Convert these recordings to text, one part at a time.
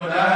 Hola.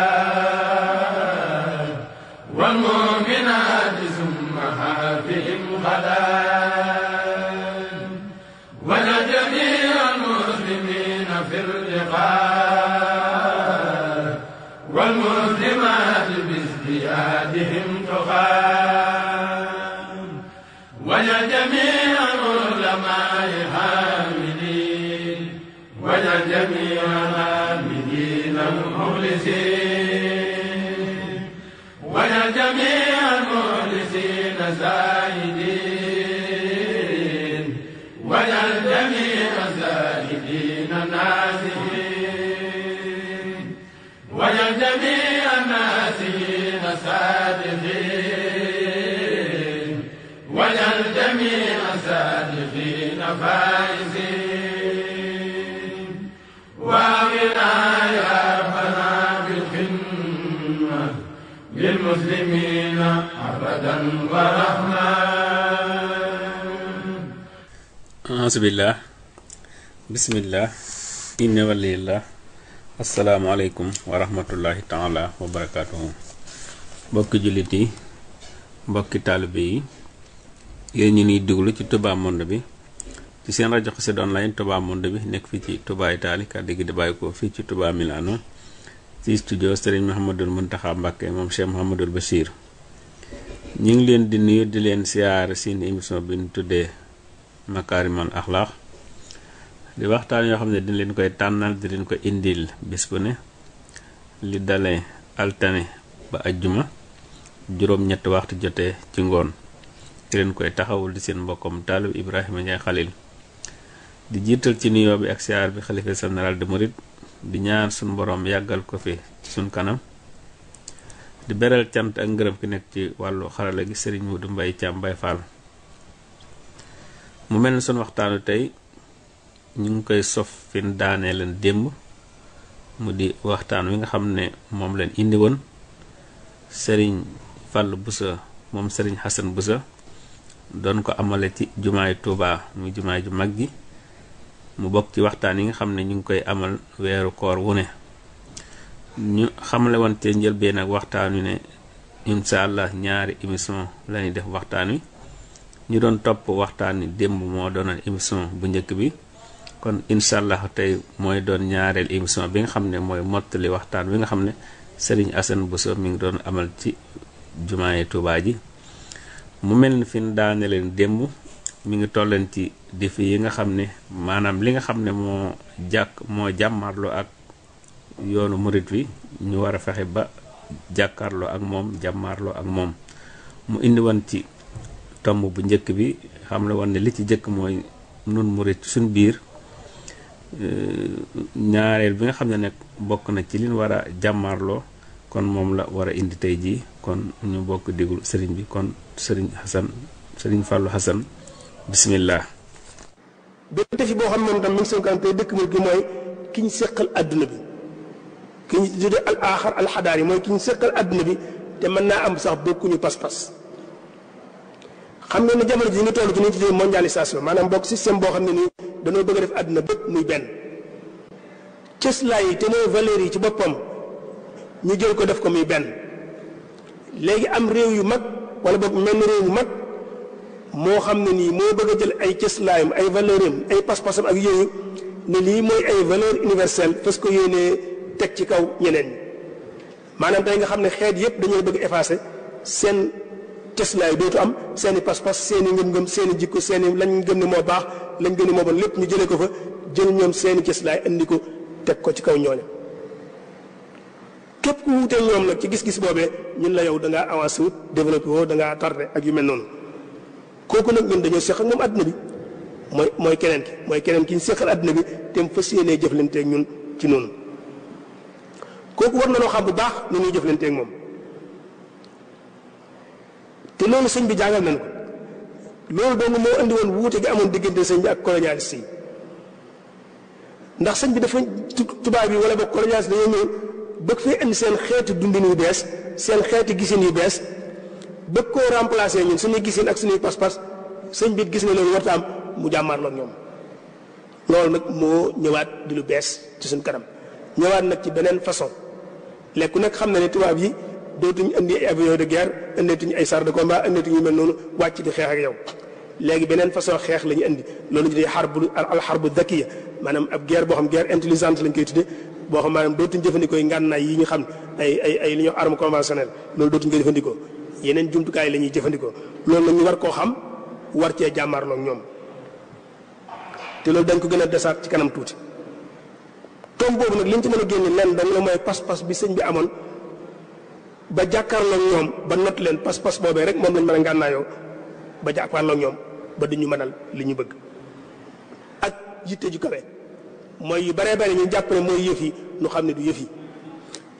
المسلمين أبدا ورحمة أعوذ بالله بسم الله إن ولي الله السلام عليكم ورحمة yéen ñi niy déglu ci Touba Monde bi ci seen rajo Xassida online Touba Monde bi nekk fii ci Touba Italie kàddu gi di bàyyi ko fii ci Touba Milano ci studio Serigne Mouhamadul Mountakha Mbacké moom Cheikh Mouhamadul Bachir ñu ngi leen di nuyu di leen siyaare seen émission bi ñu tuddee Makarimal Akhlaq di waxtaan yoo xam ne di leen koy tànnal di leen ko indil bis bu ne li dale altane ba ajjuma juróom ñetti waxtu jotee ci ngoon di leen koy taxawul di seen mbokkom taalib Ibrahima Ndiaye Khalil di jiital ci nuyoo bi ak siyaar bi xalifa général de Mouride di ñaar suñ borom yàggal ko fi ci suñ kanam di beral cant ak ngërëm ki nekk ci wàllu xarala gi sëriñ Modou Mbaye Thiam Mbaye Fall mu mel ni suñ waxtaanu tey ñu ngi koy sof fin daanee leen démb mu di waxtaan wi nga xam ne moom leen indi woon sëriñ Fall Boussa moom sëriñ Xasan Boussa doon ko amale ci jumaa jumaay Touba muy jumaay ju mag gi mu bokk ci waxtaan yi nga xam ne ñu ngi koy amal weeru koor wu ne ñu xamle woon te njëlbeen nag waxtaan wi ne incha allah ñaari émission la ñuy def waxtaan wi ñu doon topp waxtaan wi démb moo doonoon émission bu njëkk bi kon incha allah tey mooy doon ñaareel émission bi nga xam ne mooy mottali waxtaan wi nga xam ne Serigne Assane Bousso mi ngi doon amal ci jumaay Tuubaa ji mu mel ni fi mu démb mi ngi tolleen ci défis yi nga xam ne maanaam li nga xam ne moo jàkk moo jàmmarloo ak yoonu murit wi ñu war a fexe ba jàkkaarloo ak moom jàmmaarloo ak moom mu indi woon ci tomb bu njëkk bi xam la woon ne li ci njëkk mooy nun murit suñ biir euh, ñaareel bi nga xam ne nag bokk na ci liñ war a jàmmaarloo kon moom la war a indi tey jii kon ñu bokk digul sëriñ bi kon sëriñ Xasan sëriñ Fàllu Xasan bismillah benn defi boo xam ne moom tam mi ngi sonkante dëkk bi mooy ki ñu seqal adduna bi ki ñu tuddee al aaxar al yi mooy ki ñu seqal adduna bi te mën naa am sax bokkuñu pas-pas xam nga ne jamono ji ñu toll ci li ñu tuddee mondialisation maanaam bokk système boo xam ne nii dañoo bëgg a def adduna bépp muy benn cëslaay yi te ne valeurs yi ci boppam ñu jël ko def ko muy benn léegi am réew yu mag wala boog menn réew yu mag. moo xam ne nii moo bëgg a jël ay cëslaayam ay valeur am ay pas-pasam ak yooyu ne lii mooy ay valeur universelle fas ko yéenee teg ci kaw ñeneen ñi maanaam tey nga xam ne xeet yépp dañoo bëgg effacer seen cëslaay dootu am seeni i pas-pas seen i ngëm-ngëm seen i jikko seen i lañ gëm ne moo baax lañ gën ne moo bon lépp ñu jëlee ko fa jël ñoom seeni i indi ko teg ko ci kaw ñooñu képp ku wuute ñoom nag ci gis-gis boobee ñun la yow da ngaa avancé wut développé woo da ngaa tardé ak yu mel noonu. kooku nag ñun dañoo seq ak moom àdduna bi mooy mooy keneen ki mooy keneen ki ñu seqal àdduna bi te mu fas yéenee jëflanteeg ñun ci noonu kooku war na noo xam bu baax nu ñuy moom te loolu sëñ bi jàngal nañ ko loolu dong moo andi woon wuute gi amoon diggante sëñ bi ak colonialiste si ndax sëñ bi dafa tubaab yi wala ba colonialiste dañoo ñëw bëgg fee indi seen xeetu dundin yu bees seen xeetu gisin yu bees bëgg koo remplacer ñun suñuy gisin ak suñuy pas-pas sëñ bi gis ne loolu warta am mu jàmmaarloog ñoom loolu nag moo ñëwaat di lu bees ci suñ kanam ñëwaat nag ci beneen façon lekku nag xam na ni tubaab yi dootuñu indi ay avion de guerre indeetuñu ay char de combat indeetuñu yu mel noonu wàcc di xeex ak yow léegi beneen façon xeex lañu indi loolu ñu dee xarbu al xarbu dakiya maanaam ab guerre boo xam guerre intelligente lañ koy tuddee boo xam maanaam dootuñu jëfandikoo ngànnaay yi ñu xam ay ay ay li ñuy wax arme loolu dootuñu koy jëfandikoo yeneen jumtukaay la ñuy jëfandikoo loolu la ñu war koo xam war cee jàmmaarloo ñoom te loolu dañ ko gën a desaat ci kanam tuuti tomb boobu nag liñ ci mën a génne lenn danga la mooy pas-pas bi sëñ bi amoon ba jàkkaarloo ñoom ba not leen pas-pas boobee rek moom lañ mën a ba jàkkaarloo ak ñoom ba duñu mënal li ñu bëgg ak yitte ju kawe mooy yu baree bari ñu jàpp ne mooy yëf yi ñu xam ne du yëf yi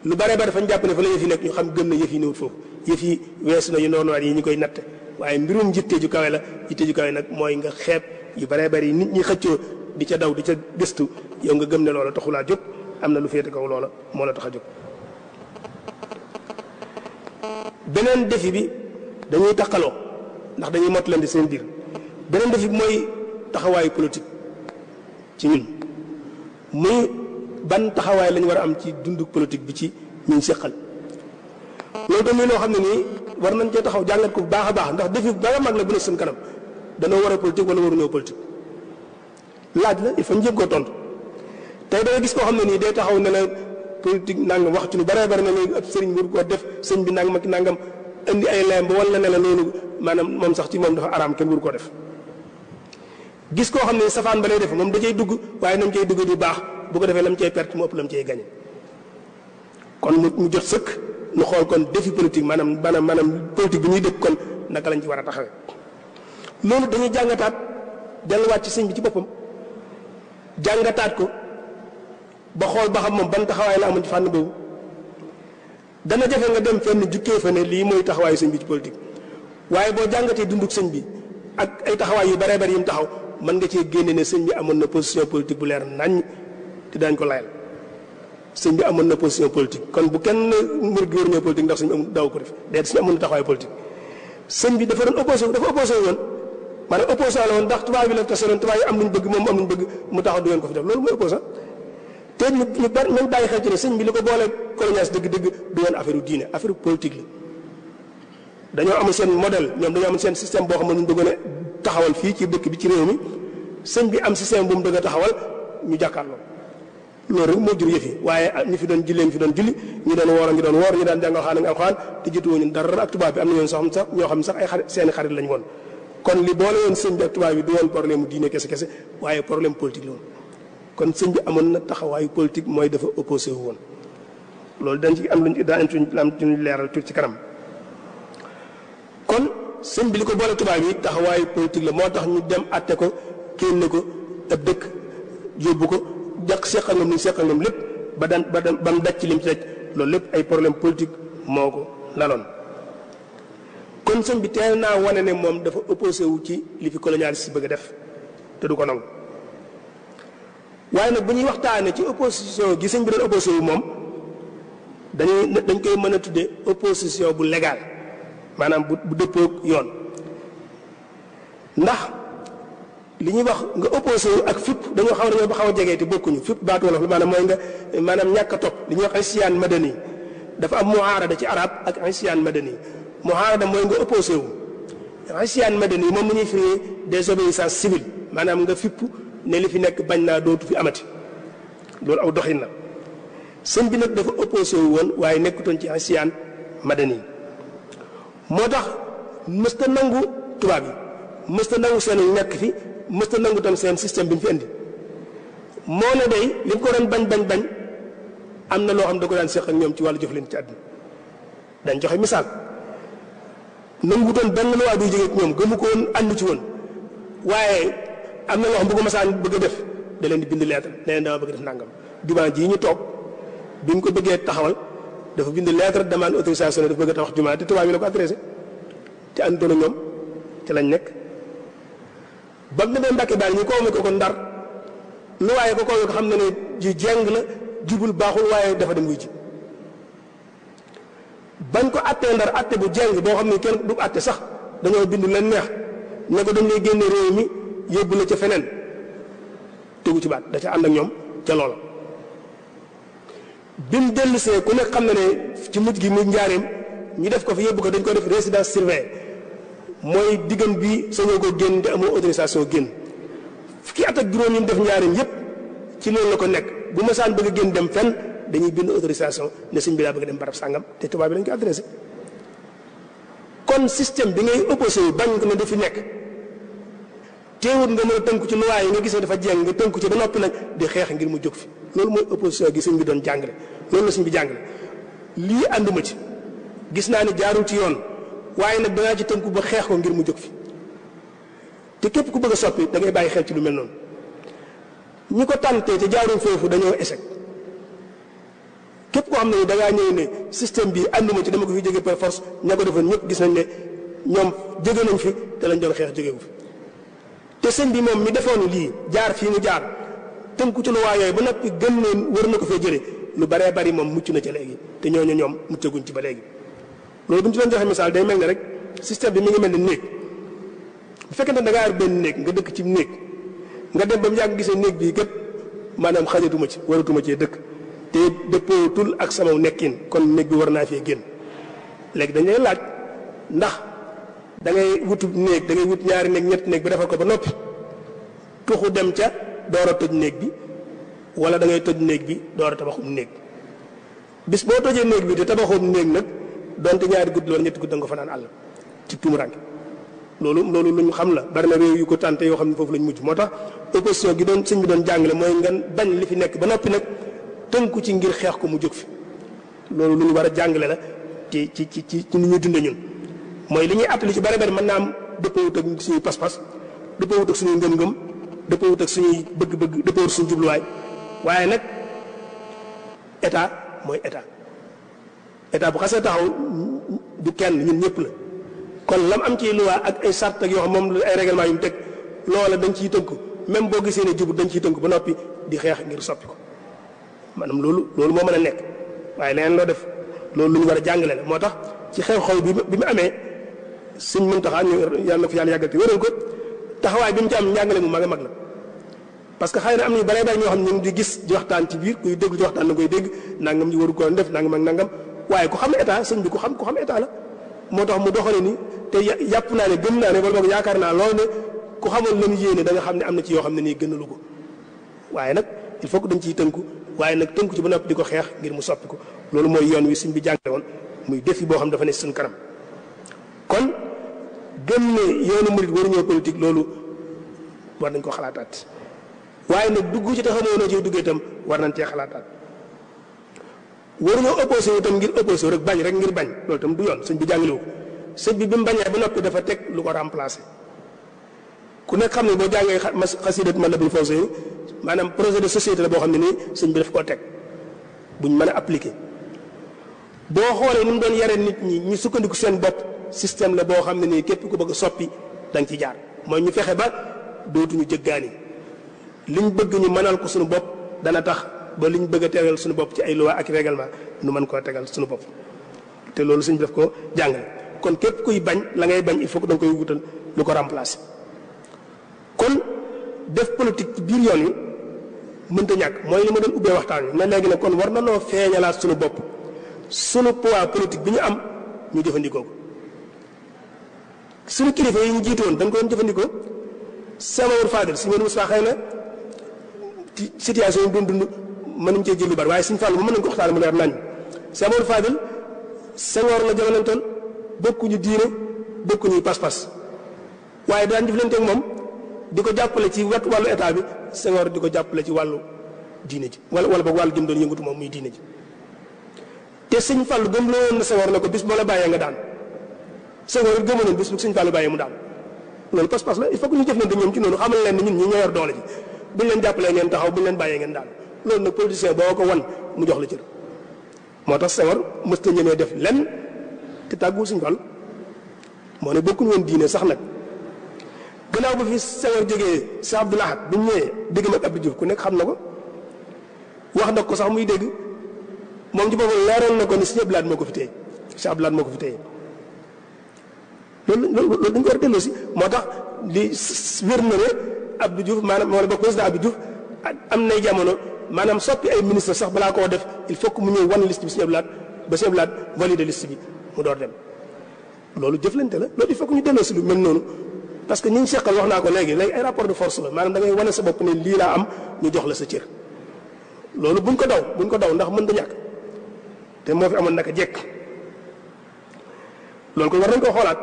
lu bare bare fañ jàpp ne fa la yëf yi nekk ñu xam gëm ne yëf yi néewut foofu yëf yi weesu na yu noonuwaat yi ñu koy natt waaye mbirum jitte ju kawe la jitte ju kawe nag mooy nga xeeb yu bare bare yi nit ñi xëccoo di ca daw di ca gëstu yow nga gëm ne loola taxulaa jóg am na lu féete kaw loola moo la tax a jóg beneen defi bi dañuy taqaloo ndax dañuy leen di seen biir beneen defi bi mooy taxawaayu politique ci ñun muy ban taxawaay lañu war a am ci dundu politique bi ci ñun séqal loolu tamit loo xam ne nii war nañ cee taxaw jàngat ko bu baax a baax ndax defi ba nga mag la suñ kanam danoo war a politique wala waruñoo politique laaj la il faut koo tontu tey da gis koo xam ne nii day taxaw ne la politique nangam wax ci lu bare bare na léegi ab sëriñ bu ko def sëñ bi nangam ak nangam indi ay layam ba wala ne la loolu maanaam moom sax ci moom dafa araam kenn wur koo def gis koo xam ne safaan ba lay def moom da dugg waaye nañ cay dugg di baax bu ko defee lam cay perte mu ëpp lam cay gañe kon mu jot sëkk nu xool kon défi politique maanaam maanaam maanaam politique bi ñuy dëkk kon naka lañ ci war a taxawee loolu dañuy jàngataat delluwaat ci sëñ bi ci boppam jàngataat ko ba xool ba xam moom ban taxawaay la amoon ci dana jafe nga dem fenn jukkee fa ne lii mooy taxawaayu sëñ bi ci politique waaye boo jàngatee dunduk sëñ bi ak ay taxawaay yu bare bare yi mu taxaw mën nga cee génne ne sëñ bi amoon na position politique bu leer nañ te daañu ko layal sëñ bi amoon na position politique kon bu kenn mbir gi war ñëw politique ndax sëñ bi amul def déedéet sëñ amoon na taxawaay politique. sëñ bi dafa doon opposé dafa opposé woon woon ndax tubaab bi la tase woon tubaab am luñ bëgg moom am luñ bëgg mu taxaw du ko fi def loolu mooy opposant te ñu ñu bari nañ bàyyi xel ci ne sëñ bi li ko boole dëgg-dëgg du woon affaire diine affaire politique la seen modèle ñoom dañoo amoon seen système boo xam ne ñu bëggoon a taxawal fii ci dëkk bi ci réew mi sëñ bi am système bu mu bëgg a taxawal ñu jàkkaarloo loolu rek moo jur yëf waaye ah ñi fi doon julli ngi fi doon julli ñu doon woor a ngi doon woor ñi daan jàngal xaan a ngi alxaan te jiitu woon dara ak tubaab bi am na ñoon sax sax ñoo xam sax ay xarit seeni xarit lañ woon kon li boole woon sëñ bi ak tubaab bi du woon problème diine kese kese waaye problème politique la kon sëñ bi amoon na taxawaayu politique mooy dafa opposé wu woon loolu dañ ci am luñ daan am luñ leeral tuuti ci kanam kon sëñ li ko boole tubaab yi taxawaayu politique la moo tax ñu dem atte ko génne ko ab dëkk yóbbu ko jàq seq ak ñoom li ñu lépp ba daan ba daan ba mu daj ci lim ci daj loolu lépp ay problème politique moo ko laloon. kon sëñ bi teel naa wane ne moom dafa opposé wu ci li fi colonialiste si bëgg a def te du ko nangu waaye nag bu ñuy waxtaanee ci opposition gi sëñ bi doon opposé wu moom dañuy dañ koy mën a tuddee opposition bu légal maanaam bu bu dëppoog yoon ndax. li ñuy wax nga opposé wu ak fipp dañoo xaw dañoo xaw a jege te bokkuñu fipp baatu wolof la maanaam mooy nga maanaam ñàkk a topp li ñuy wax isyaan madani dafa am muaarada ci arab ak isyaan madani muaarada mooy nga opposé wu isyaan madani moom mu ñuy firi désobéissance civile maanaam nga fipp ne li fi nekk bañ naa dootu fi amati loolu aw doxin la sëñ bi nag dafa opposé wu woon waaye nekkutoon ci isyaan madani moo tax mësta nangu tubaab yi mësta nangu seen ñàkk fi mësta nangu tam seen système bi mu fi indi moo ne day li mu ko doon bañ bañ bañ am na loo xam da ko daan séq ak ñoom ci wàllu jëf leen ci àdduna dañ joxe misaal nangutoon benn loi buy jógee ak ñoom gëmu ko woon àndu ci woon waaye am na loo xam bu ko masaan bëgg a def da leen di bind lettre ne leen dama bëgg def nangam jumaa ji ñu toog bi ñu ko bëggee taxawal dafa bind lettre demande autorisation dafa bëgg a tax jumaa te tubaab yi la ko adressé te àndoon ak ñoom ci lañ nekk. ba mu demee Mbàkke daal ñu koome ko ko ndar lu waaye ko koome ko xam ne ne ji jeng la jubul baaxul waaye dafa dem wuy ji bañ ko attee ndar atte bu jeng boo xam ne kenn du atte sax dañoo bind leen neex ne ko dañ lay génne réew mi yóbbu la ca feneen tegu ci baat da ca ànd ak ñoom ca loola bi mu dellusee ku nekk xam ne ne ci mujj gi mu njaareem ñu def ko fi yóbbu ko dañ ko def résidence surveillée mooy diggante bi sañoo ko génn te amoo autorisation génn fukki at ak juróom yi mu def njaareem yépp ci loolu la ko nekk bu ma saan bëgg a génn dem fenn dañuy bind autorisation ne sëñ bi daa bëgg dem barab sàngam te tubaab bi lañ ko adressé kon système bi ngay opposé wu ne dafi nekk teewut nga mën tënku ci luwaay yi nga gisee dafa jeng nga tënku ci ba noppi nag di xeex ngir mu jóg fi loolu mooy opposition gi sëñ bi doon jàngale loolu la sëñ bi jàngale lii ànduma ci gis naa ne jaarul ci yoon waaye nag danaa ci tënku ba xeex ko ngir mu jóg fi te képp ku bëgg a soppi da ngay bàyyi xel ci lu mel noonu ñi ko tànnatee te jaaruñ foofu dañoo échec képp koo xam ne da ngaa ñëw ne système bi ànduma ci dama ko fi jóge par force ña ko defoon gis nañ ne ñoom jóge nañ fi lañ doon xeex jóge te sëñ bi moom mi defoon lii jaar fii mu jaar tënku ci lu yooyu ba noppi gën leen war na ko fee jëlee lu baree bari moom mucc na ca léegi te ñooñu ñoom muccaguñ ci ba léegi. loolu bu ñu ci doon misaal day mel ne rek système bi mu ngi mel ne néeg bu fekkente ne da ngaa benn néeg nga dëkk ci mu néeg nga dem ba mu yàgg gise néeg bii gëpp maanaam xajatuma ci waratuma cee dëkk te dëppootul ak sama nekkin kon néeg bi war naa fee génn léegi dañ lay laaj ndax dangay ngay wutu néeg dangay wut ñaari néeg ñetti néeg bi defal ko ba noppi tuxu dem ca door toj néeg bi wala dangay ngay toj néeg bi door a tabaxum néeg bis boo tojee néeg bi te tabaxum néeg nag. donte ñaari gudd loolu ñetti gudd da nga ko fanaan àll ci tumuranke loolu loolu lu ñu xam la bari na réew yu ko tànte yoo xam ne foofu la ñu mujj moo tax opposition gi doon sëñ bi doon jàngale mooy ngeen bañ li fi nekk ba noppi nag tënku ci ngir xeex ko mu jóg fi loolu lu ñu war a jàngale la ci ci ci ci ni ñuy dundee ñun mooy li ñuy àttali ci bari bari mën naa am dëppoowut ak suñuy pas-pas dëppoowut ak suñuy ngëm-ngëm dëppoowut ak suñuy bëgg-bëgg dëppoowut suñu jubluwaay waaye nag état mooy état état bu xasee taxaw du kenn ñun ñëpp la kon lam am ci luwaa ak ay sart ak yoo xam moom ay règlement yu mu teg loola dañ ciy tënk même boo gisee ne jubut dañ ciy tënk ba noppi di xeex ngir soppi ko maanaam loolu loolu moo mën a nekk waaye leneen loo def loolu lu ñu war a jàngale la moo tax ci xew-xew bi bi mu amee sëñ Muntaxa tax yàlla na ko yàlla yàggal te wéral ko taxawaay bi mu ci am njàngale mu mag a mag la parce que xëy na am nañu bare bare ñoo xam ne ñu ngi di gis di waxtaan ci biir na koy dégg nangam ji waru ko def nangam ak nangam waaye ku xam état sëñ bi ku xam ku xam état la moo tax mu doxale ni te yàpp naa ne gëm naa ne wala boog yaakaar naa loolu ne ku xamal lam yéene da nga xam ne am na ci yoo xam ne nii gënalu ko waaye nag il faut dañ ciy tënku waaye nag tënku ci ba noppi di ko xeex ngir mu soppi ko loolu mooy yoon wi sëñ bi jàngale woon muy défi boo xam dafa ne suñ kanam kon gëm ne yoonu murit waruñoo politique loolu war nañ ko xalaataat waaye nag dugg ci te xamoo noo ciy duggee war nañ cee xalaataat waruñoo opposé itam ngir opposé rek bañ rek ngir bañ loolu itam du yoon sëñ bi jàngalewu ko sëñ bi bi mu bañee ba noppi dafa teg lu ko remplacé ku nekk xam ne boo jàngee xasidat ma labul fawse yi maanaam projet de société la boo xam ne nii sëñ bi daf koo teg buñ mën a appliqué boo xoolee ni mu doon yare nit ñi ñu sukkandiku seen bopp système la boo xam ne nii képp ko bëgg a soppi da nga ci jaar mooy ñu fexe ba dootuñu jëggaani liñ bëgg ñu mënal ko suñu bopp dana tax ba li ñu bëgg a tegal suñu bopp ci ay loi ak règlement nu mën koo tegal suñu bopp te loolu suñu def ko jàngale kon képp kuy bañ la ngay bañ il faut que koy wutal lu ko remplacer kon def politique ci biir yoon wi mënta ñàkk mooy li ma doon ubbee waxtaan wi mais léegi ne kon war na noo feeñalaat suñu bopp suñu poids politique bi ñu am ñu jëfandikoo ko suñu kilifa yi ñu jiitu woon dañ ko jëfandikoo sama wër Fadel si meen Moussa xëy na ci situation yi mën nañ cee jël lu bari waaye Sëñ Fallu bu mën nañ ko waxtaane mu leer nañ Sëñ Amadu Fadil Senghor la jamonoontoon bokkuñu diine bokkuñu pas-pas waaye daan jëflante ak moom di ko jàppale ci wet wàllu état bi Senghor di ko jàppale ci wàllu diine ji wala wala boog wàllu jëm doon yëngatu moom muy diine ji te Sëñ Fallu gëm loo na Senghor ne ko bis boo la bàyyee nga daan Senghor it gëmoon bis bu Sëñ Fallu bàyyee mu daan loolu pas-pas la il faut que ñu jëflante ñoom ci noonu xamal leen ne ñun ñi ñoo ngeen daan loolu nag politicien boo ko wan mu jox la cër moo tax Senghor mës na ñemee def lenn te tàggu Sëñ Fall moo ne bokkuñu woon diine sax nag gannaaw ba fi Senghor jógee si Abdou bu ñu ñëwee dégg nag Abdou Diouf ku nekk xam na ko wax na ko sax muy dégg moom ci boppam leeral na ko ni Sëñ Abdou moo ko fi téye Sëñ Abdou moo ko fi téye loolu loolu loolu dañ ko war a moo tax li wér na ne Abdou Diouf moo ne bokk président am nay jamono. maanaam soppi ay ministre sax balaa koo def il faut que mu ñëw wan liste bi Sëñ Abdou Lahad ba si Abdou Lahad valide liste bi mu door dem loolu jëflante la loolu il faut que ñu delloo si lu noonu parce que ñu seqal wax naa ko léegi léegi ay rapport de force la maanaam da ngay wane sa am ñu jox la sa cër loolu buñ ko daw buñ ko daw ndax mën da ñàkk te moo fi amoon naka jekk loolu koy war nañ koo xoolaat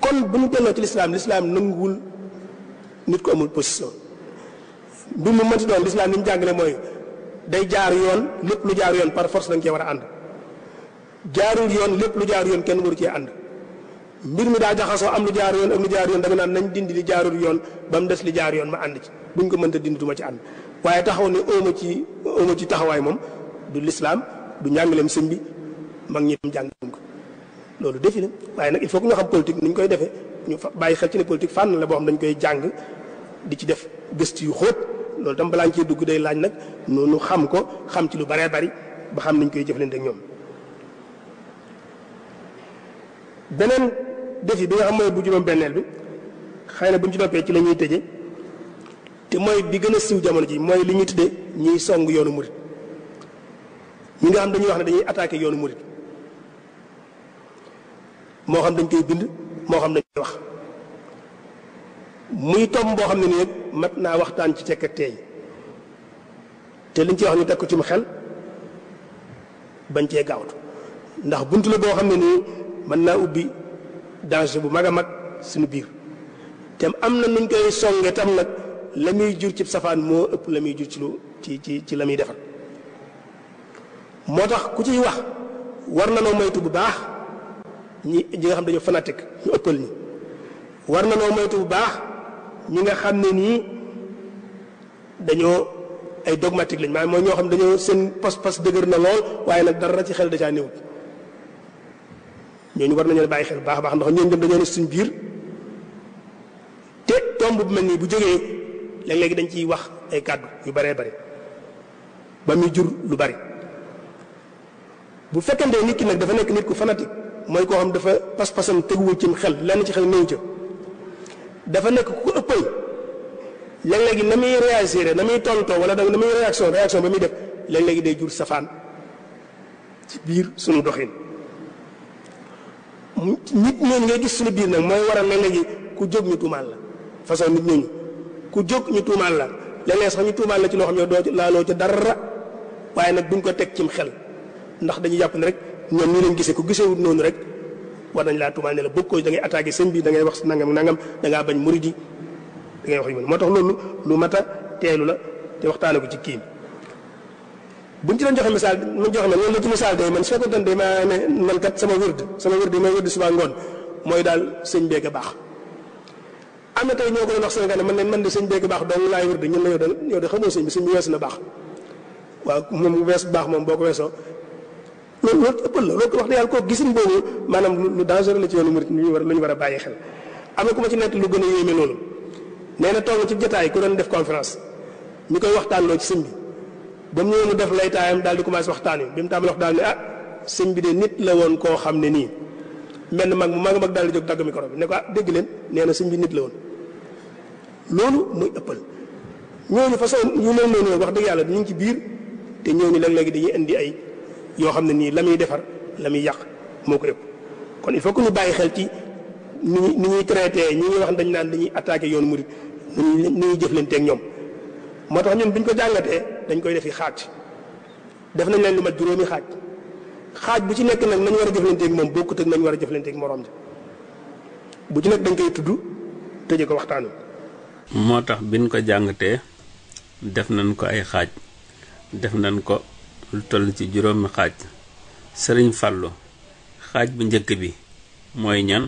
kon bu ñu delloo ci lislaam lislaam nanguwul nit ko amul position bi mu mënti doon lislaam li mu jàngale mooy day jaar yoon lépp lu jaar yoon par force da nga war a ànd jaarul yoon lépp lu jaar yoon kenn waru cee ànd mbir mi daa jaxasoo am lu jaar yoon ak lu jaar yoon da naan nañ dindi li jaarul yoon ba mu des li jaar yoon ma ànd ci buñ ko mënta dindi du ci ànd waaye taxaw ne ooma ci ooma ci taxawaay moom du lislaam du njàngaleem sëñ bi mag ñi tam jàngaleem loolu defi la waaye nag il faut que ñu xam politique ni ñu koy defee ñu bàyyi xel ci ne politique fànn la boo dañ koy jàng di ci def gëstu yu xóot loolu tam balaa ñu cee dugg day laaj nag noonu xam ko xam ci lu baree bari ba xam nañ koy jëflante ak ñoom beneen défi bi nga xam mooy bu juróom-benneel bi xëy na bu ñu ci noppee ci la ñuy tëje te mooy bi gën a siiw jamono ji mooy li ñuy tuddee ñuy song yoonu murit ñi nga xam dañuy wax ne dañuy attaqué yoonu murit moo xam dañ koy bind moo xam dañ koy wax muy tomb boo xam ne nii mat naa waxtaan ci tekk ak teey te liñ ci wax ñu teg ko ci mu xel bañ cee gaawtu ndax bunt la boo xam ne nii mën naa ubbi danger bu mag a mag suñu biir te am na nuñ koy songe tam nag la muy jur ci safaan moo ëpp la muy jur ci lu ci ci ci la muy defal moo tax ku ciy wax war na loo moytu bu baax ñi ñi xam dañoo fanatique ñu ëppal ñi war na noo moytu bu baax ñu nga xam ne nii dañoo ay dogmatique lañ maanaam mooy ñoo xam dañoo seen pas-pas dëgër na lool waaye nag dara ci xel da caa néewut ñooñu war nañu bàyyi xel baax baax ndax ñooñu dem dañoo ne suñ biir te tomb bu mel nii bu jógee léeg-léegi dañ ciy wax ay kàddu yu baree bari ba muy jur lu bari bu fekkantee nit ki nag dafa nekk nit ku fanatique mooy koo xam dafa pas-pasam teguwul ci xel lenn ci xel néew ca dafa nekk ku ko ëppal léeg-léegi na muy réagir na muy tontoo wala na muy réaction réaction ba muy def léeg-léegi day jur safaan ci biir suñu doxin nit ñooñu ngay gis suñu biir nag mooy waral léeg-léegi ku jóg ñu tuumaal la façon nit ñooñu ku jóg ñu tuumaan la léeg-léeg sax ñu tuumaal la ci loo xam ne doo laaloo ci dara waaye nag duñ ko teg cim xel ndax dañu yàpp ne rek ñoom ñu leen gisee ku gisewut noonu rek war nañ laa tuumaal ne la bokkoo da ngay attaqué sëñ bi da ngay wax nangam nangam da ngaa bañ murid yi da ngay wax yu mel moo tax loolu lu mat a teelu la te waxtaane ko ci kii buñ ci doon joxe misaal man joxe man la ci misaal day man su fekkoon ne maa man sama wërd sama wërd may wërd ngoon mooy daal sëñ beeg a baax. am na tey ñoo ko doon wax Sénégal man ne man de sëñ beeg baax dong laay wërd ñun la yow de xamoo sëñ bi sëñ bi weesu na baax waaw moom wees baax moom boo ko weesoo loolu loolu ëppal la wax dëgg yàlla koo gisin boobu maanaam lu dangereux la ci yoonu murit ñu war lu ñu war a bàyyi xel am na ku ma ci a yéeme noonu nee na toog ci jotaay ku doon def conférence ci sëñ bi ba mu ñëwee mu def laytaayam daal di commencé waxtaan wi bi mu tàmbali wax daal ne ah, de nit la woon koo xam ne nii mel mag mag mag daal di jóg dagg micro bi ne ko ah, dégg leen nee na bi nit la woon loolu muy ëppal ñooñu façon yu mel noonu wax dëgg yàlla ñu ngi ci biir te ñooñu léeg-léegi dañuy indi ay yoo xam ne nii la muy defar la muy yàq moo ko ëpp kon il faut que ñu bàyyi xel ci ni ñuy ni ñuy traité ñi ñuy wax dañ naan dañuy attaqué yoon murit ni ñuy ni ñuy ñoom moo tax ñun bu ko jàngatee dañ koy defi xaaj def nañ leen lu mat juróomi xaaj xaaj bu ci nekk nag nañ war a jëflanteeg moom bokkut ak nañ war a jëflanteeg morom ja bu ci nekk dañ koy tudd tëje ko waxtaanu moo tax biñ ko jàngatee def nañ ko ay xaaj def nañ ko. lu ci juróomi xaaj sëriñ fàllu xaaj bu njëkk bi mooy ñan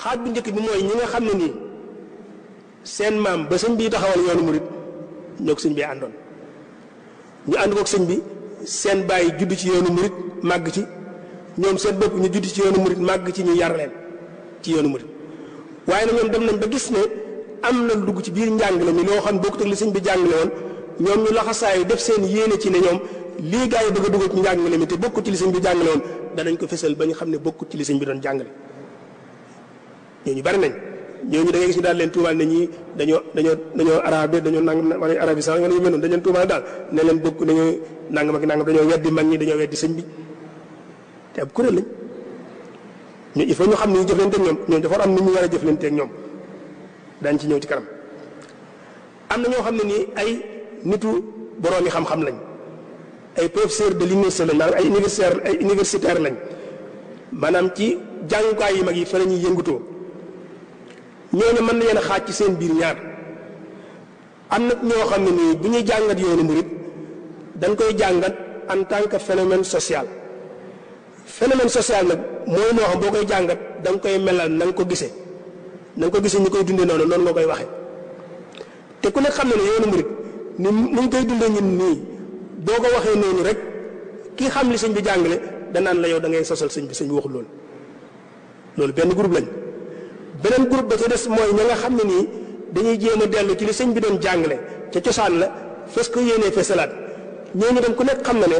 xaaj bu njëkk bi mooy ñi nga xam ne nii seen maam ba sëñ bi taxawal yoonu murit ñoo ko sëñ bi àndoon ñu ànd kook sëñ bi seen bàyyi judd ci yoonu murit màgg ci ñoom seen bopp ñu judd ci yoonu murit màgg ci ñu yar leen ci yoonu murit waaye na ñoom dem nañ ba gis ne am na dugg ci biir njàngale mi loo xam bokkut ak li sëñ bi jàngale woon ñoom ñu laxasaayu def seen yéene ci ne ñoom lii gaa yi bëgg a dugal ci njàngale mi te bokkut ci li sëñ bi jàngale woon danañ ko fësal ba ñu xam ne bokkut ci li sëñ bi doon jàngale ñu bari nañ ñooñu da ngay gis ñu daal leen tuumaal ne ñi dañoo dañoo dañoo arabe dañoo nangam wala arabe sax wala yu mel noonu dañu leen tuumaal daal ne leen bokk dañoo nangam ak nangam dañoo weddi mag ñi dañoo weddi sëñ bi te ab kuréel lañ ñu il faut ñu xam ne ñu jëflanteeg ñoom ñoom dafa am ni ñu war a jëflanteeg ñoom daañ ci ñëw ci kanam am na ñoo xam ne nii ay nitu boroomi xam-xam lañ ay professeur de l'université lañ maanaam ay universitaire ay universitaire lañ maanaam ci jàngukaay yi mag yi fa la ñuy yëngutoo ñooñu mën na leen a xaaj ci seen biir ñaar am na ñoo xam ne nii bu ñuy jàngat yoonu murit dañ koy jàngat en tant que phénomène social phénomène social nag mooy moo xam boo koy jàngat da koy melal na ko gisee na ko gisee ñu koy dundee noonu noonu nga koy waxee te ku ne xam ne ne yoonu murit ni mu ngi koy dundee ñun nii boo ko waxee noonu rek ki xam li sëñ bi jàngale danaan la yow da ngay sosal sëñ bi sëñ bi waxul loolu loolu benn groupe lañ beneen groupe ba ca des mooy ña nga xam ne nii dañuy jéem a dellu ci li sëñ bi doon jàngale ca cosaan la fes ko yéenee fesalaat ñooñu dem ku nekk xam na ne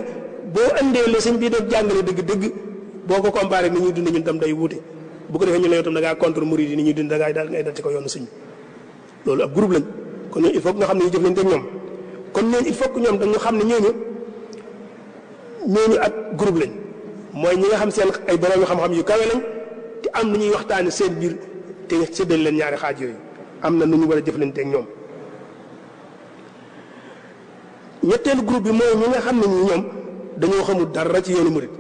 boo andee la sëñ bi doon jàngale dëgg-dëgg boo ko comparé ni ñuy dund ñun tam day wuute bu ko defee ñu la yow tam da ngaa contre murid yi ni ñuy dund da ngaa ngay dal ci yoonu sëñ loolu ab groupe lañ kon nga xam ne ñu jëflante ak ñoom kon ñooñu il faut que ñoom dañu xam ne ñooñu ñooñu ak groupe lañ mooy ñi nga xam seen ay borom xam-xam yu kawe te am lu ñuy waxtaane seen biir te séddale leen ñaari xaaj yooyu am na nu ñu war a jëflante ak ñoom. ñetteelu groupe bi mooy ñi nga xam ne ñi ñoom dañoo xamul dara ci yoonu murit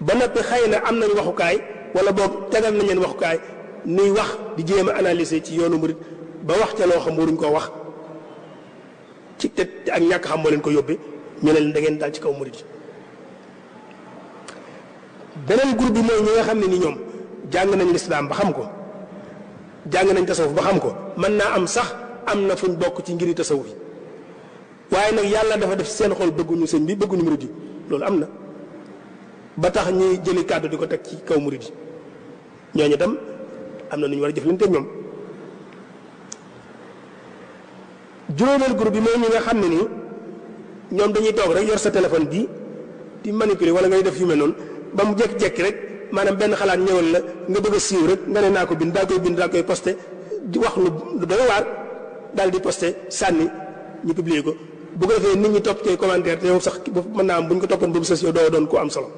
ba noppi xëy na am nañ waxukaay wala boog tegal nañ ñeen waxukaay nuy wax di jéem a ci yoonu murit ba wax ca loo xam waruñ koo wax. ci te ak ñàkk xam moo leen ko yóbbee ñu ne leen daal ci kaw murid yi beneen groupe bi mooy ñi nga xam ne ni ñoom jàng nañ lislaam ba xam ko jàng nañ tasawuf ba xam ko mën naa am sax am na fuñ bokk ci ngiri tasawuf yi waaye nag yàlla dafa def seen xol bëgguñu sëñ bi bëgguñu murid yi loolu am na ba tax ñuy jëli kàddu di ko teg ci kaw murid yi ñu dem am na nu ñu war a jëflante ñoom juróomeel groupe bi mooy ñi nga xam ne nii ñoom dañuy toog rek yor sa téléphone bi di manipuler wala ngay def yu mel noonu ba mu jékki jekk rek maanaam benn xalaat ñëwal la nga bëgg a siiw rek nga ne naa ko bind daa koy bind daa koy wax lu doy waar daal di posté sànni ñu publier ko bu ko defee nit ñi topp tey commentaire te yow sax mën naa am bu ñu ko toppoon ba mu sës yow doo doon ko am solo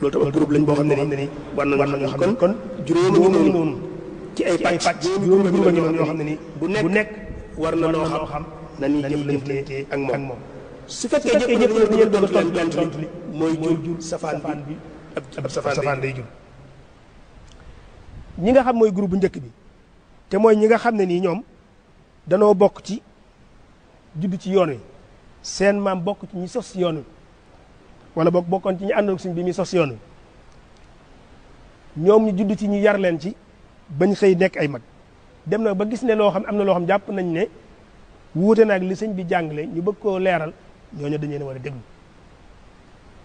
loolu tam groupe lañ boo xam ne nii war na nañu xam kon juróomi noonu ci ay pàcc juróomi groupe yoo xam ne nii bu nekk war na noo xam na ñuy jëflante moom su fekkee jëflante ñu doon tontu leen tontu li mooy jur safaan bi ab safaan day jur ñi nga xam mooy groupe bu njëkk bi te mooy ñi nga xam ne nii ñoom danoo bokk ci judd ci yoon wi seen maam bokk ci ñi sos ci yoon wi wala bokk bokkoon ci ñi àndoon suñ bi muy sos yoon wi ñoom ñu judd ci ñu yar leen ci bañ xëy nekk ay mag dem na ba gis ne loo xam am na loo xam jàpp nañ ne wuute naag li sëñ bi jàngale ñu bëgg koo leeral ñooñu dañu leen war a déglu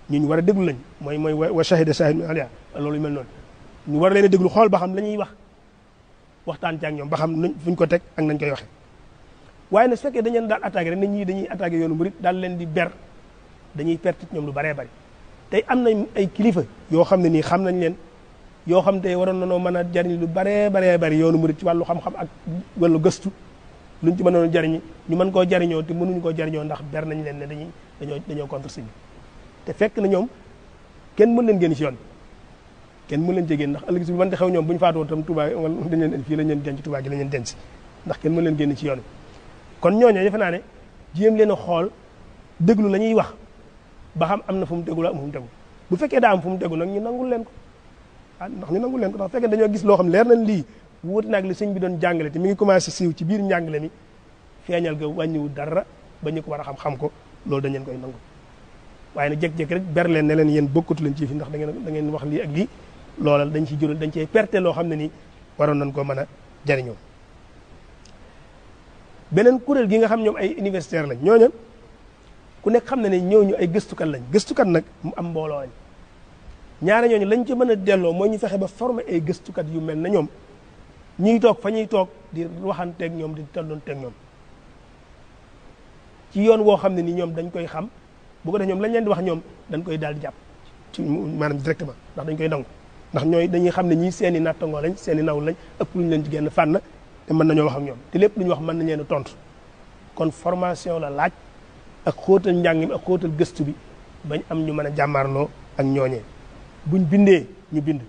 ñu ñu war a déglu lañ mooy mooy wa shahida shahid alia loolu mel noonu ñu war a leen a xool ba xam la ñuy wax waxtaan ci ak ñoom ba xam nuñ fuñ ko teg ak nañ koy waxe waaye na su fekkee dañ leen daal attaqué rek nit ñi dañuy attaqué yoonu murit daal leen di ber dañuy perte ci ñoom lu baree bari tey am nañ ay kilifa yoo xam ne nii xam nañ leen yoo xam te waroon nanoo mën a jariñ lu bare bare bari yoonu murit ci wàllu xam-xam ak wàllu gëstu luñ ci mënoon jariñ ñu mën koo jariñoo te mënuñ koo jariñoo ndax ber nañ leen ne dañuy dañoo dañoo contre sëñ te fekk na ñoom kenn mën leen génn ci yoon kenn mën leen cee génn ndax ëllëg si mën ñoom bu ñu faatoo tam Touba wala dañ fii lañ leen denc Touba gi lañ leen denc mën leen génn ci yoon kon ñooñoo defe naa ne jéem leen a xool déglu la ñuy wax ba xam am na fu mu tegu la am fu tegu bu fekkee daa am fu mu tegu nag ñu nangul leen ko ah ndax ñu nangu leen ko ndax fekkee dañoo gis loo xam leer nañ lii wuute naag li sëñ bi doon jàngale te mi ngi commencé siiw ci biir njàngale mi feeñal ga wàññiwu dara ba ñu ko war a xam-xam ko loolu dañ leen koy nangu waaye nag jékki-jékki rek ber leen ne leen yéen bokkatu leen ci fi ndax da ngeen da ngeen wax lii ak lii loola dañ ci jural dañ cee perte loo xam ne nii waroon nañ ko mën a jariñoo beneen kuréel gi nga xam ñoom ay universitaire lañ ñooñu ku nekk xam ne ne ñooñu ay gëstukat lañ gëstukat nag mu am mbooloo ñaare ñooñu lañ ci mën a delloo mooy ñu fexe ba former ay gëstukat yu mel na ñoom ñiy toog fa ñuy toog di waxanteeg ñoom di tolloonteeg ñoom ci yoon woo xam ne ni ñoom dañ koy xam bu ko lañ leen di wax ñoom dañ koy di jàpp ci maanaam directement ndax dañ koy nangu ndax ñooy dañuy xam ne ñii seeni i nattangoo lañ seen i naw lañ ëpp luñ leen ci genn fànn te mën nañoo wax ak ñoom te lépp lu wax mën na leen a kon formation la laaj ak xóotal njàng ak xóotal gëstu bi bañ am ñu mën a jàmmaarloo ak ñooñee buñ bindee ñu bind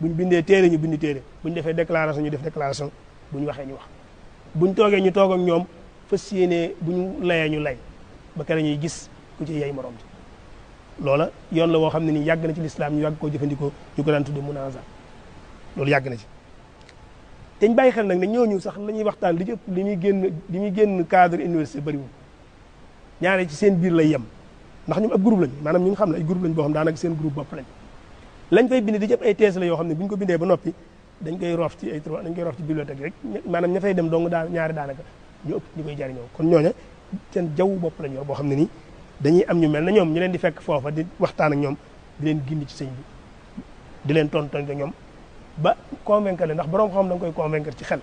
buñ bindee téere ñu bind bu ñu defee déclaration ñu def bu ñu waxee ñu wax buñ toogee ñu toog ak ñoom fas bu ñu layee ñu lay ba kere ñuy gis ku ci yay moroom ci loola yoon la woo xam ne ni yàgg na ci lislaam ñu yàgg ko jëfandikoo ñu ko daan tudd munaza loolu yàgg na ci te ñu bàyyi xel nag ne ñu sax la ñuy waxtaan li ci ëpp li muy génn li muy génn cadre université bëriwul ñaare ci seen biir lay yem ndax ñoom ab groupe lañ maanaam ñu nga boo xam daanaka seen groupe bopp lañ lañ fay bind di jëpp ay thèse la yoo xam ne bu ko bindee ba noppi dañ koy roof ci ay trois dañ koy roof ci bibliothèque ña fay dem dong daa ñaari daanaka ñu ëpp ñu koy jariñoo kon ñooña seen jaww bopp la boo xam ne nii dañuy am ñu mel na ñoom ñu leen di fekk foofa waxtaan ak ñoom di gindi ci sëñ bi di leen tonton ak ñoom ba convaincre le ndax borom xam da koy convaincre ci xel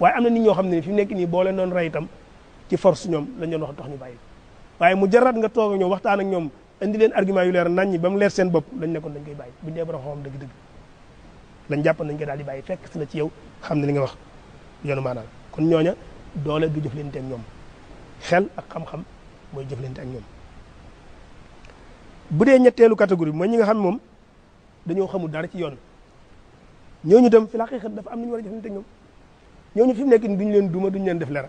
waaye am na nit ñoo xam ne ni fi mu nekk nii boo leen doon rey itam ci force ñoom lañ doon wax tax ñu bàyyi waaye mu jaraat nga toog ak ñoom waxtaan ak ñoom indi leen argument yu leer nañ naññi ba mu leer seen bopp lañ nekkoon dañ koy bàyyi bu dee borom xam-xam dëgg-dëgg lañ jàppoon dañ koy daal di bàyyi fekk si la ci yow xam ne li nga wax yoonu maanaam kon ñooña doole du jëflante ak ñoom xel ak xam mooy jëflante ak ñoom bu dee ñetteelu catégorie mooy ñi nga xam moom dañoo xamul dara ci yoon ñooñu itam fi la xeexat dafa am lu ñu war a jëflante ak ñoom ñooñu fi mu nekk duñu leen duma duñu leen def leer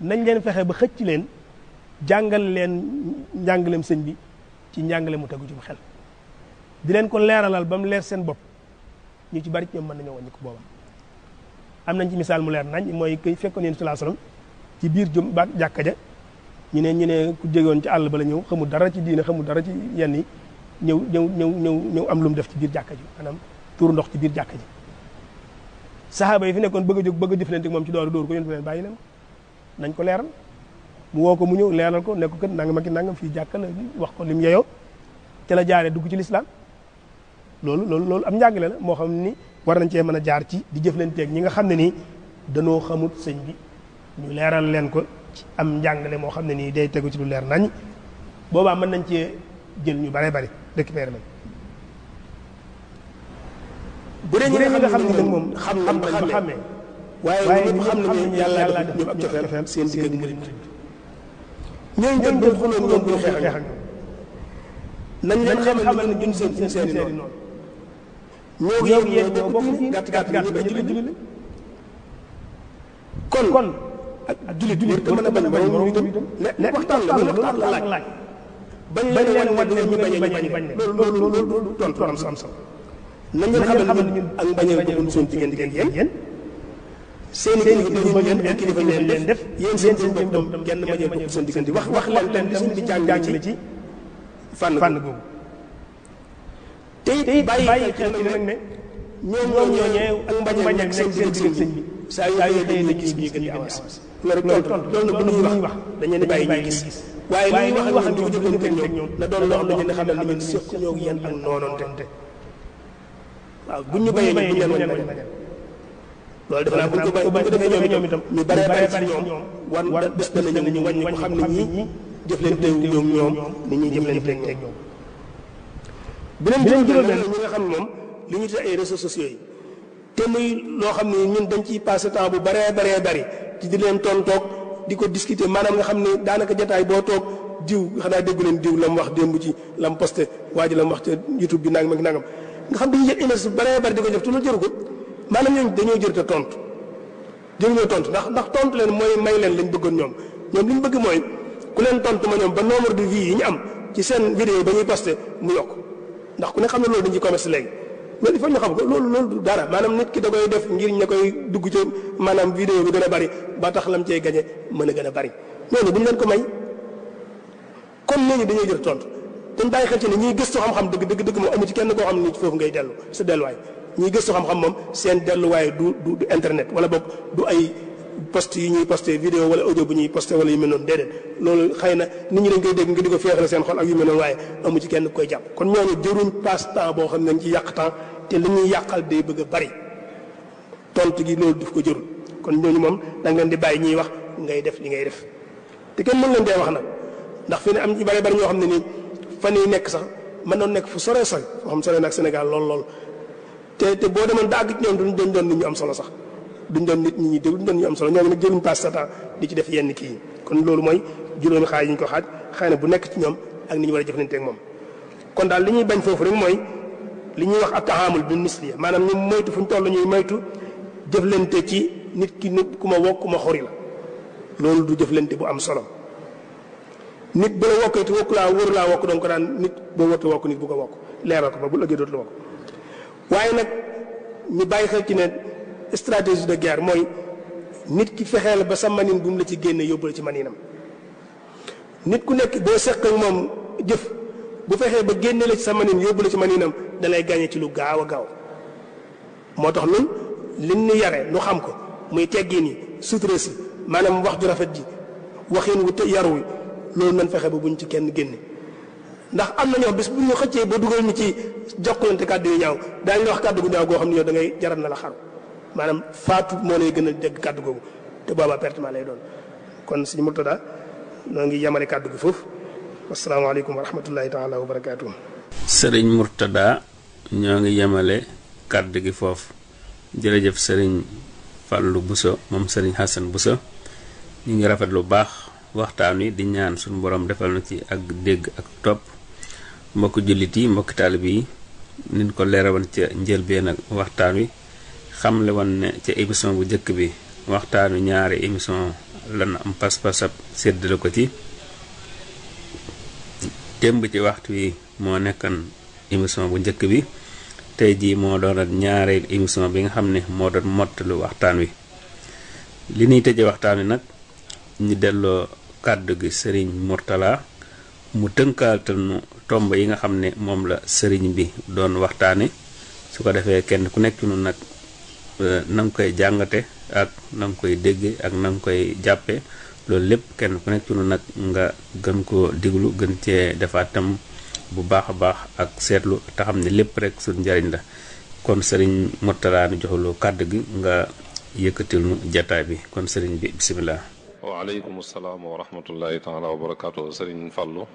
nañ leen fexe ba xëcc leen jàngal leen njàngalem sëñ bi ci njàngale mu tegu ci xel dileen ko leeralal ba mu leer seen bopp ñu ci bari ci ñoom mën nañoo wàññi ko booba am nañ ci misaal mu leer nañ mooy kay fekkoon yéen sallallahu alayhi wasallam ci biir jum ba jàkka ja ñu ne ñu ne ku jógewoon ci àll ba la ñëw xamul dara ci diine xamul dara ci yenn yi ñëw ñëw ñëw ñëw ñëw am lu mu def ci biir jàkka ji maanaam tuur ndox ci biir jàkka ji saxaaba yi fi nekkoon bëgg a jóg bëgg a jëflante moom ci dooru dóor ko yéen leen bàyyi leen nañ ko leeral mu woo ko mu ñëw leeral ko nekk kat nangam ak nangam fii jàkka la wax ko lim yeyoo ca la jaaree dugg ci lislaam loolu loolu loolu am njàngale la moo xam ni war nañ cee mën a jaar ci di jëflanteeg ñi nga xam ne nii danoo xamut sëñ bi ñu leeral leen ko ci am njàngale moo xam ne nii day tegu ci lu leer nañ boobaa mën nañ cee jël ñu bare bari récupéré lañ bu dee ñi xam ne nag moom xam xam xamee waaye ñëpp xam nañu yàlla ñoom ak ñooñu doon doon xuloo ñoom du xeex ak ñoom nañ leen xamal ne duñ seen duñ seen i noonu ñoo ngi yow yéen ñoo bokk diine gàtt gàtt ñëpp ay jullit jullit kon kon ak jullit jullit te mën a a bañ morom itam ne waxtaan la waxtaan la laaj bañ leen wan ne ñu bañ bañ bañ loolu loolu loolu tontu am sam sam nañ leen xamal ne ak mbañeel bu duñ seen diggante yéen seen i kilifa ñu leen leen def yéen seen seen bopp tam kenn ma ñëw bokk seen diggante wax wax leen tam li sëñ bi jàngale te it bàyyi xel ci nag ne ñoom ñoo ñooñee ak mbañ ak seen bi saa yu xëyee dañuy gis ñuy gën di avancé loolu tontu loolu nag bu ñuy wax dañu leen bàyyi ñuy gis waaye li wax ak ñoom di ko jëfandikoo ñoom na doon loo xam ne ñu xamal ni ñun sëq ñoo yéen ak noononte waaw bu ñu bàyyee ñu bu ñu leen loolu defe naa bu ñu ko defee ñoom itam ñu bare bare ci ñoom wan bés dana ñëw ñu wàññi ko xam ne ñii jëflante ñoom ñoom ni ñuy jëflante ak ñoom beneen juróom benn ñi xam ne moom li ñu tuddee ay réseaux sociaux yi te muy loo xam ne ñun dañ ciy passé temps bu baree baree bari ci di leen tontoog di ko discuter maanaam nga xam ne daanaka jataay boo toog diw xanaa déggu leen diw la mu wax démb ci la mu posté waa ji la mu wax ca YouTube bi nangam mag nangam nga xam dañuy jël énergie bu baree bari di ko def te ko maanaam ñooñu dañoo jërta tontu jëruñoo tontu ndax ndax tontu leen mooy may leen lañ bëggoon ñoom ñoom li ñu bëgg mooy ku leen tontu ma ñoom ba nombre de vues yi ñu am ci seen vidéo ba ñuy posté mu yokk ndax ku ne xam ne loolu dañuy ci commerce léegi ñu xam ko loolu loolu dara maanaam nit ki da def ngir ña koy dugg ci maanaam vidéo bi gën bari ba tax lam cee gañe mën a gën a bari ñooñu bu ñu leen ko may kon ñooñu dañoo jër tontu dañ bàyyi xel ci ne ñuy gëstu xam-xam dëgg dëgg dëgg moo amu ci kenn koo xam ni foofu ngay dellu sa delluwaay ñiy gëstu xam-xam moom seen delluwaay du du internet wala bokk du ay post yi ñuy posté vidéo wala audio bu ñuy posté wala yu mel noonu déedéet loolu xëy na nit ñi dañ koy dégg nga di ko féexal seen xol ak yu mel noonu waaye amu ci kenn koy jàpp kon ñooñu jëruñ passe temps boo xam ne dañ ci yàq temps te li ñuy yàqal day bëgg a bari tontu gi loolu daf ko jërul kon ñooñu moom da leen di bàyyi ñuy wax ngay def li ngay def te kenn mën leen dee wax na ndax fi ne am ñu bari bari ñoo xam ne nii fan yi nekk sax mënoon nekk fu sore sore foo xam sore nag Sénégal loolu lool te te boo demoon ba àgg ci ñoom duñ doon doon nit ñu am solo sax duñ doon nit ñi ñuy déglu ñu am solo ñoom nag jëluñ passe sa temps di ci def yenn kii kon loolu mooy juróomi xaaj yi ñu ko xaaj xëy na bu nekk ci ñoom ak ni ñu war a jëflante moom kon daal li ñuy bañ foofu rek mooy li ñuy wax ak taxaamul bi maanaam ñu moytu fu ñu toll ñuy moytu jëflante ci nit ki nu ku ma wokk ku ma xori la loolu du jëflante bu am solo nit bu la wokkee te wokk laa wër laa wokk donk daan nit boo wokkee wokk nit bu ko wokk leeral ko ba bu ëggee dootu la wokk waaye nag ñu bàyyi xel ci ne stratégie de guerre mooy nit ki fexee la ba sa manin bu mu la ci génne yóbbu la ci maninam nit ku nekk boo seq ak moom jëf bu fexee ba génne la ci sa manin yóbbu la ci maninam dalay gàññe ci lu gaaw a gaaw moo tax lu liñ ñu yare nu xam ko muy teggin yi sutura si maanaam wax ju rafet ji waxin wu yaru wi loolu nan fexe ba buñ ci kenn génne ndax am na ñoo bis bu ñu xëccee ba dugal ñu ci jokkalante kàddu yu ñaaw daañu la wax kàddu gu ñaaw goo xam ne yow da ngay jaral na la xaru maanaam faatu moo lay gën a dégg kàddu googu te boobaa ma lay doon kon suñu Murtada noo ngi yemale kàddu gi foofu wasalaamaaleykum wa rahmatullahi taala wa barakaatu. Sëriñ Murtada ñoo ngi yemale kàddu gi foofu jërëjëf sëriñ Fallou Bousso moom sëriñ Hassan Bousso ñu ngi rafet lu baax waxtaan wi di ñaan suñu borom defal na ci ak dégg ak topp. mbokk jullit yi mbokk taalibe yi niñ ko leerawan ca njëlbeen ak waxtaan wi xamle woon ne ca émission bu njëkk bi waxtaan wi ñaari émission lan am pas-pasab séddale ko ci démb ci waxtu wi moo nekkan émission bu njëkk bi tey jii moo doonal ñaari émission bi nga xam ne moo doon mottalu waxtaan wi li ñuy tëje waxtaan wi nag ñu delloo kàddu gi sëriñ Mourtala mu tënkaatal nu tomb yi nga xam ne moom la sëriñ bi doon waxtaane su ko defee kenn ku nekk nu nag euh, na nga koy jàngate ak na koy dégge ak na nga koy jàppee loolu lépp kenn ku nekk nu nag nga gën ko diglu gën cee defaat tam bu baax a baax ak seetlu te xam ne lépp rek suñ njariñ la kon sëriñ Mourtada nu joxuloo kàddu gi nga yëkkatil nu jataay bi kon sëriñ bi bisimilah. waaleykum salaam wa rahmatullahi taala wa barakaatu sëriñ Fallou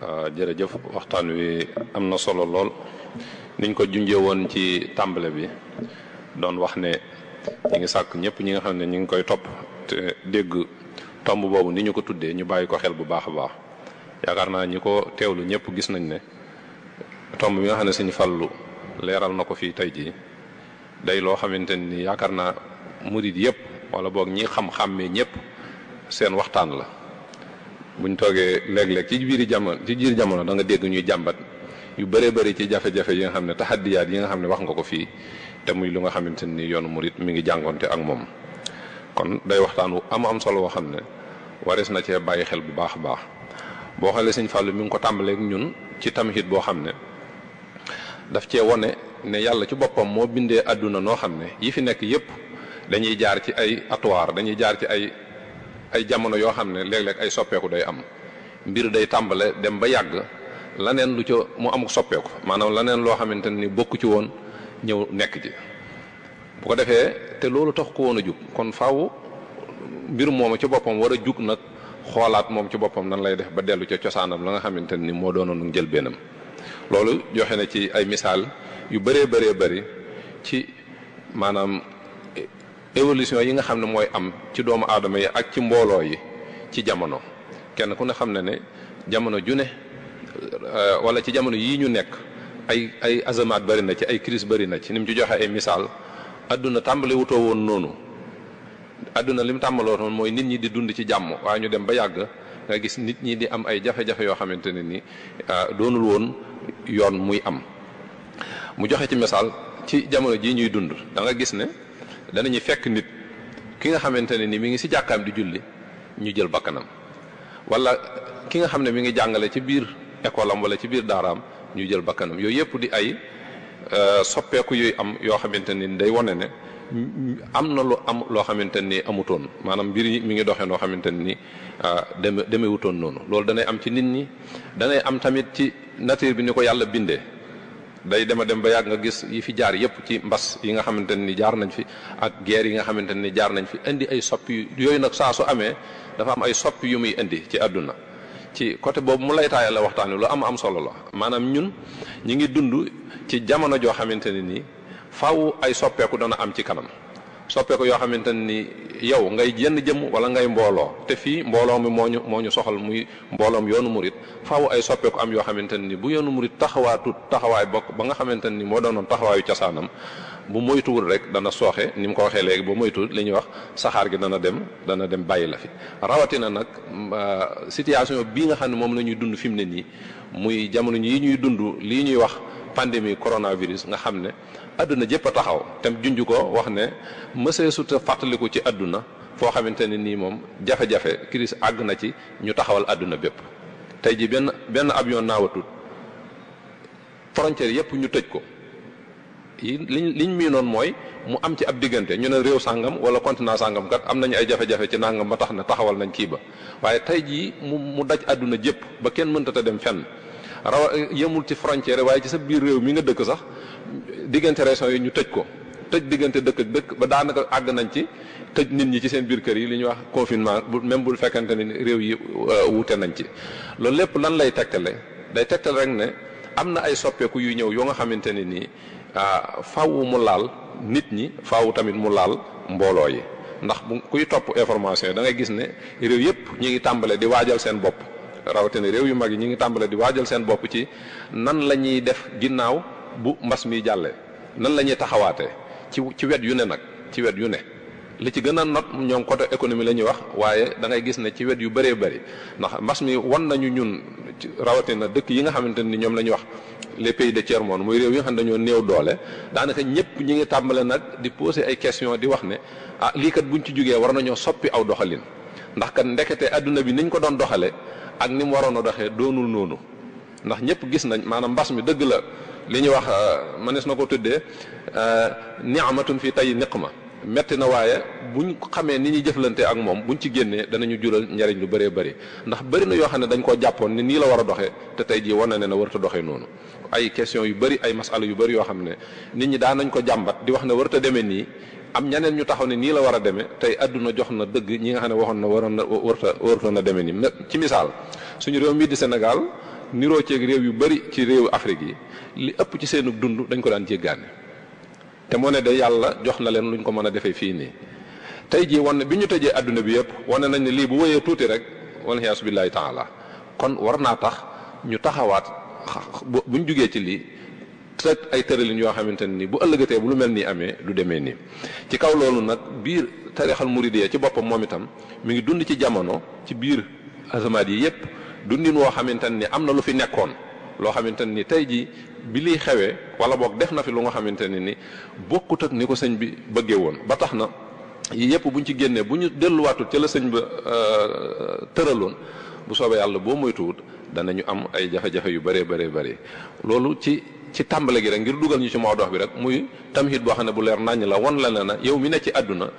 Ah, jërëjëf waxtaan wi am na solo lool niñ ko junjee woon ci tàmbale bi doon wax ne ñi ngi sàkk ñëpp ñi nga xam ne ñu ngi koy topp te dégg tomb boobu ni ñu ko tuddee ñu bàyyi ko xel bu baax a baax yaakaar naa ñi ko teewlu ñëpp gis nañ ne tomb bi nga xam ne Sëñ Fallu leeral na ko fii tey jii day loo xamante ni yaakaar naa murid yëpp wala boog ñi xam-xàmmee ñëpp seen waxtaan la. buñ toogee léeg-léeg ci biir jamono ci biir jamono da nga dégg ñuy jàmbat yu bëree bëri ci jafe-jafe yi nga xam ne taxaddiyaat yi nga xam ne wax nga ko fii te muy lu nga xamante ni yoonu murit mu ngi jàngonte ak moom kon day waxtaan wu am am solo woo xam ne warees na cee bàyyi xel bu baax a baax boo xoolee sëñ Fallou mi ngi ko tàmbaleeg ñun ci tamxit boo xam ne daf cee wone ne yàlla ci boppam moo bindee àdduna noo xam ne yi fi nekk yépp dañuy jaar ci ay atuwaar dañuy jaar ci ay ay jamono yoo xam ne léeg-léeg ay soppeeku day am mbir day tàmbale dem ba yàgg la laneen lu ca mu amuk soppeeku maanaam laneen loo xamante ni bokk ci woon ñëw nekk ji bu ko defee te loolu tax ko woon a jug kon faw mbir moomu ci boppam wara a jug nag xoolaat moom ci boppam nan lay def ba dellu ca cosaanam la nga xamante ni moo doonoon jël bennam loolu joxe na ci ay misaal yu bëree bëree bëri ci maanaam évolution yi nga xam ne mooy am ci doomu aadama yi ak ci mbooloo yi ci jamono kenn ku ne xam ne ne jamono ju ne euh, wala ci jamono yii ñu nekk ay ay azamaat bari na ci ay crise bari na ci ni mu ci joxe ay misaal adduna tàmbali woon noonu adduna li mu tàmbaloo woon mooy nit ñi di dund ci jàmm waaye ñu dem ba yàgg nga gis nit ñi di am ay jafe-jafe yoo xamante ne ni euh, doonul woon yoon muy am mu joxe ci misaal ci jamono jii ñuy dund danga gis ne. danañu fekk nit ki nga xamante ne ni mi ngi si jàkkaam di julli ñu jël bakkanam wala ki nga xam ne mi ngi jàngale ci biir école am wala ci biir daaraam ñu jël bakkanam yooyu yëpp di ay euh, soppeeku yooyu am yoo xamante ni day wane ne am na lu am loo xamante ni amutoon maanaam mbir yi mi ngi doxe noo xamante ni euh, deme demewutoon noonu loolu danay am ci nit ñi danay am tamit ci nature bi ni ko yàlla bindee. day dema dem ba yàgg nga gis yi fi jaar yépp ci mbas yi nga xamante ni jaar nañ fi ak guerre yi nga xamante ni jaar nañ fi indi ay soppi yooyu nag saa su amee dafa am ay soppi yu muy indi ci àdduna ci côté boobu mu lay taayal la waxtaan lu am am solo la maanaam ñun ñi ngi dund ci jamono joo xamante ne nii faw ay soppeeku dana am ci kanam soppeeku yoo xamante ni yow ngay jenn jëm wala ngay mbooloo te fii mbooloo mi moo ñu moo ñu soxal muy mbooloom yoonu murit faaw ay soppeeku am yoo xamante ni bu yoonu murit taxawaatut taxawaay bokk ba nga xamante ni moo doonoon taxawaayu cosaanam bu moytuwul rek dana sooxe ni mu ko waxee léegi bu moytu li ñuy wax saxaar gi dana dem dana dem bàyyi la fi rawatina nag euh, situation bii nga xam ne moom la ñuy dund fi mu ne nii muy jamono yi ñuy dund lii ñuy wax pandémie coronavirus nga xam ne àdduna jëpp a taxaw te junj ko wax ne mësee suta fàttaliku ci àdduna foo xamante ne nii moom jafe-jafe crise àgg na ci ñu taxawal àdduna bépp tey ji benn benn avion naawatut frontière yëpp ñu tëj ko liñ liñ mii noon mooy mu am ci ab diggante ñu ne réew sàngam wala continent sàngam kat am nañu ay jafe-jafe ci nangam ba tax na taxawal nañ kii ba waaye tey jii mu mu daj àdduna jëpp ba kenn mënta te dem fenn raw yemul ci frontière waaye ci sa biir réew mi nga dëkk sax diggante régions yi ñu tëj ko tëj diggante dëkk ak dëkk ba daanaka àgg nañ ci tëj nit ñi ci seen biir kër yi li ñuy wax confinement bu même bul fekkante ne réew yi euh, wuute nañ ci. loolu lépp lan lay tegtale day tegtal rek ne am na ay soppeeku yu ñëw yoo nga xamante ne nii euh, faaw mu laal nit ñi faaw tamit mu laal mbooloo yi ndax bu kuy topp information yi da gis ne réew yëpp ñu ngi tàmbalee di waajal seen bopp. rawatina réew yu mag yi ñu ngi tàmbalee di waajal seen bopp ci nan la ñuy def ginnaaw bu mbas mi jàllee nan la ñuy taxawaatee ci ci wet yu ne nag ci wet yu ne li ci gën a not ñoom côté économie la ñuy wax waaye da ngay gis ne ci wet yu bëree bëri ndax mbas mi wan nañu ñun rawatina dëkk yi nga xamante ni ñoom la ñuy wax les pays de tiers muy réew yi nga xam ne dañoo néew doole daanaka ñëpp ñi ngi tàmbale nag di poser ay questions di wax ne ah lii kat buñ ci jógee war nañoo soppi aw doxalin ndax kat ndekete àdduna bi niñ ko doon doxalee ak ni mu waroon doxee doonul noonu ndax ñëpp gis nañ maanaam mbas mi dëgg la. li ñuy wax euh, mënees na ko tuddee euh, ni'matun fi tay ma metti na waaye bu buñ xamee ni ñuy jëflante ak moom buñ ci génnee danañu jural njariñ lu baree bëri ndax bëri na yoo xam ne dañ ko jàppoon ni nii la war a doxee te tey jii wane na ne warut a doxee noonu ay question yu bëri ay masala yu bari yoo xam ne nit ñi daan nañ ko jàmbat di wax ne warut a demee nii am ñaneen ñu taxaw ne nii la war a demee tey àdduna jox na dëgg ñi nga xam ne waxoon na waroon na warut a na demee nii ci misaal suñu réew mii di Sénégal. niroo ceeg réew yu bari ci réewu Afrique yi li ëpp ci seenu dund dañ ko daan jéggaane te moo ne de yàlla jox na leen luñ ko mën a defee fii nii tey jii wane bi ñu tëjee àdduna bi yëpp wane nañ ne lii bu woyee tuuti rek wala yaasu billaahi taala kon war naa tax ñu taxawaat buñ jugee ci lii te ay tëralin yoo xamante ne nii bu ëllëgatee bu lu mel nii amee du demee nii ci kaw loolu nag biir tarixal muridiyya ci boppam moom itam mi ngi dund ci jamono ci biir azamaat yi yëpp. dundin woo xamante ne am na lu fi nekkoon loo xamante ne ni tey jii bi liy xewee wala boog def na fi lu nga xamante ne ni bokkut ak ni ko sëñ bi bëggee woon ba tax na yii yëpp buñ ci génnee bu ñu delluwaatut ci la sëñ ba euh, tëraloon bu soobee yàlla boo moytuwut danañu am ay jafe-jafe yu bare bëree bëri loolu ci ci tàmbale gi rek ngir dugal ñu ci moo dox bi rek muy tamhid boo xam ne bu leer nàññ la won la ne na yow mi ne ci àdduna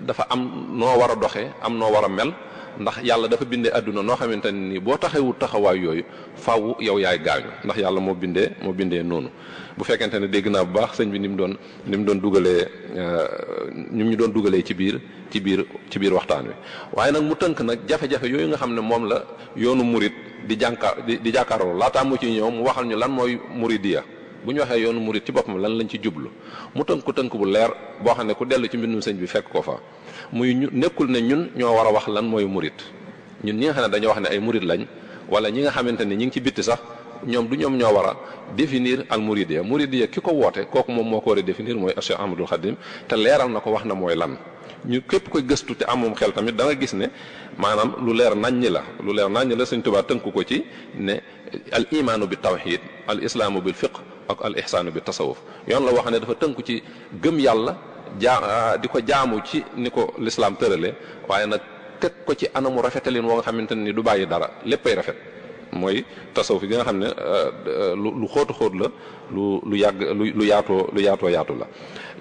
dafa am noo war a doxee am noo war a mel ndax yàlla dafa bindee àdduna noo xamante ne nii boo taxawul taxawaay yooyu faaw yow yaay gaañu ndax yàlla moo bindee moo bindee noonu bu fekkente ne dégg naa bu baax sañ bi ni mu doon ni mu doon dugalee euh, ni mu ñu doon dugalee ci biir ci biir ci biir waxtaan wi waaye nag mu tënk nag jafe-jafe yooyu nga xam ne moom la yoonu murit di jànka di jàkkaarloo laataa mu ci ñëw mu waxal ñu lan mooy murit ya bu ñu waxee yoonu murit ci boppam lan lañ ci jublu mu tënku tënk bu leer boo xam ne ku dellu ci mbindum sëñ bi fekk ko fa muy ñu nekkul ne ñun ñoo war a wax lan mooy murit ñun ñi nga xam ne dañoo wax ne ay murit lañ wala ñi nga xamante ne ñi ngi ci bitti sax ñoom du ñoom ñoo war a définir al muridiya muridiya ki ko woote kooku moom moo ko war a définir mooy Cheikh Ahmadul Xadim te leeral na ko wax na mooy lan ñu képp koy gëstu te amum xel tamit da gis ne maanaam lu leer naññi la lu leer naññi la Sëñ Tuubaa ko ci ne al imaanu bi tawxid al islaamu bil fiqh ak al ihsaanu bi tasawuf yoon la wax ne dafa tënku ci gëm yàlla jaa di ko jaamu ci ni ko lislaam tërale waaye nag teg ko ci anamu rafetalin woo nga xamante ni du bàyyi dara léppay rafet mooy tasawuf gi nga xam ne euh, euh, lu lu xóotu xóot la lu lu yàgg lu yaatoo lu yaatoo yaatu la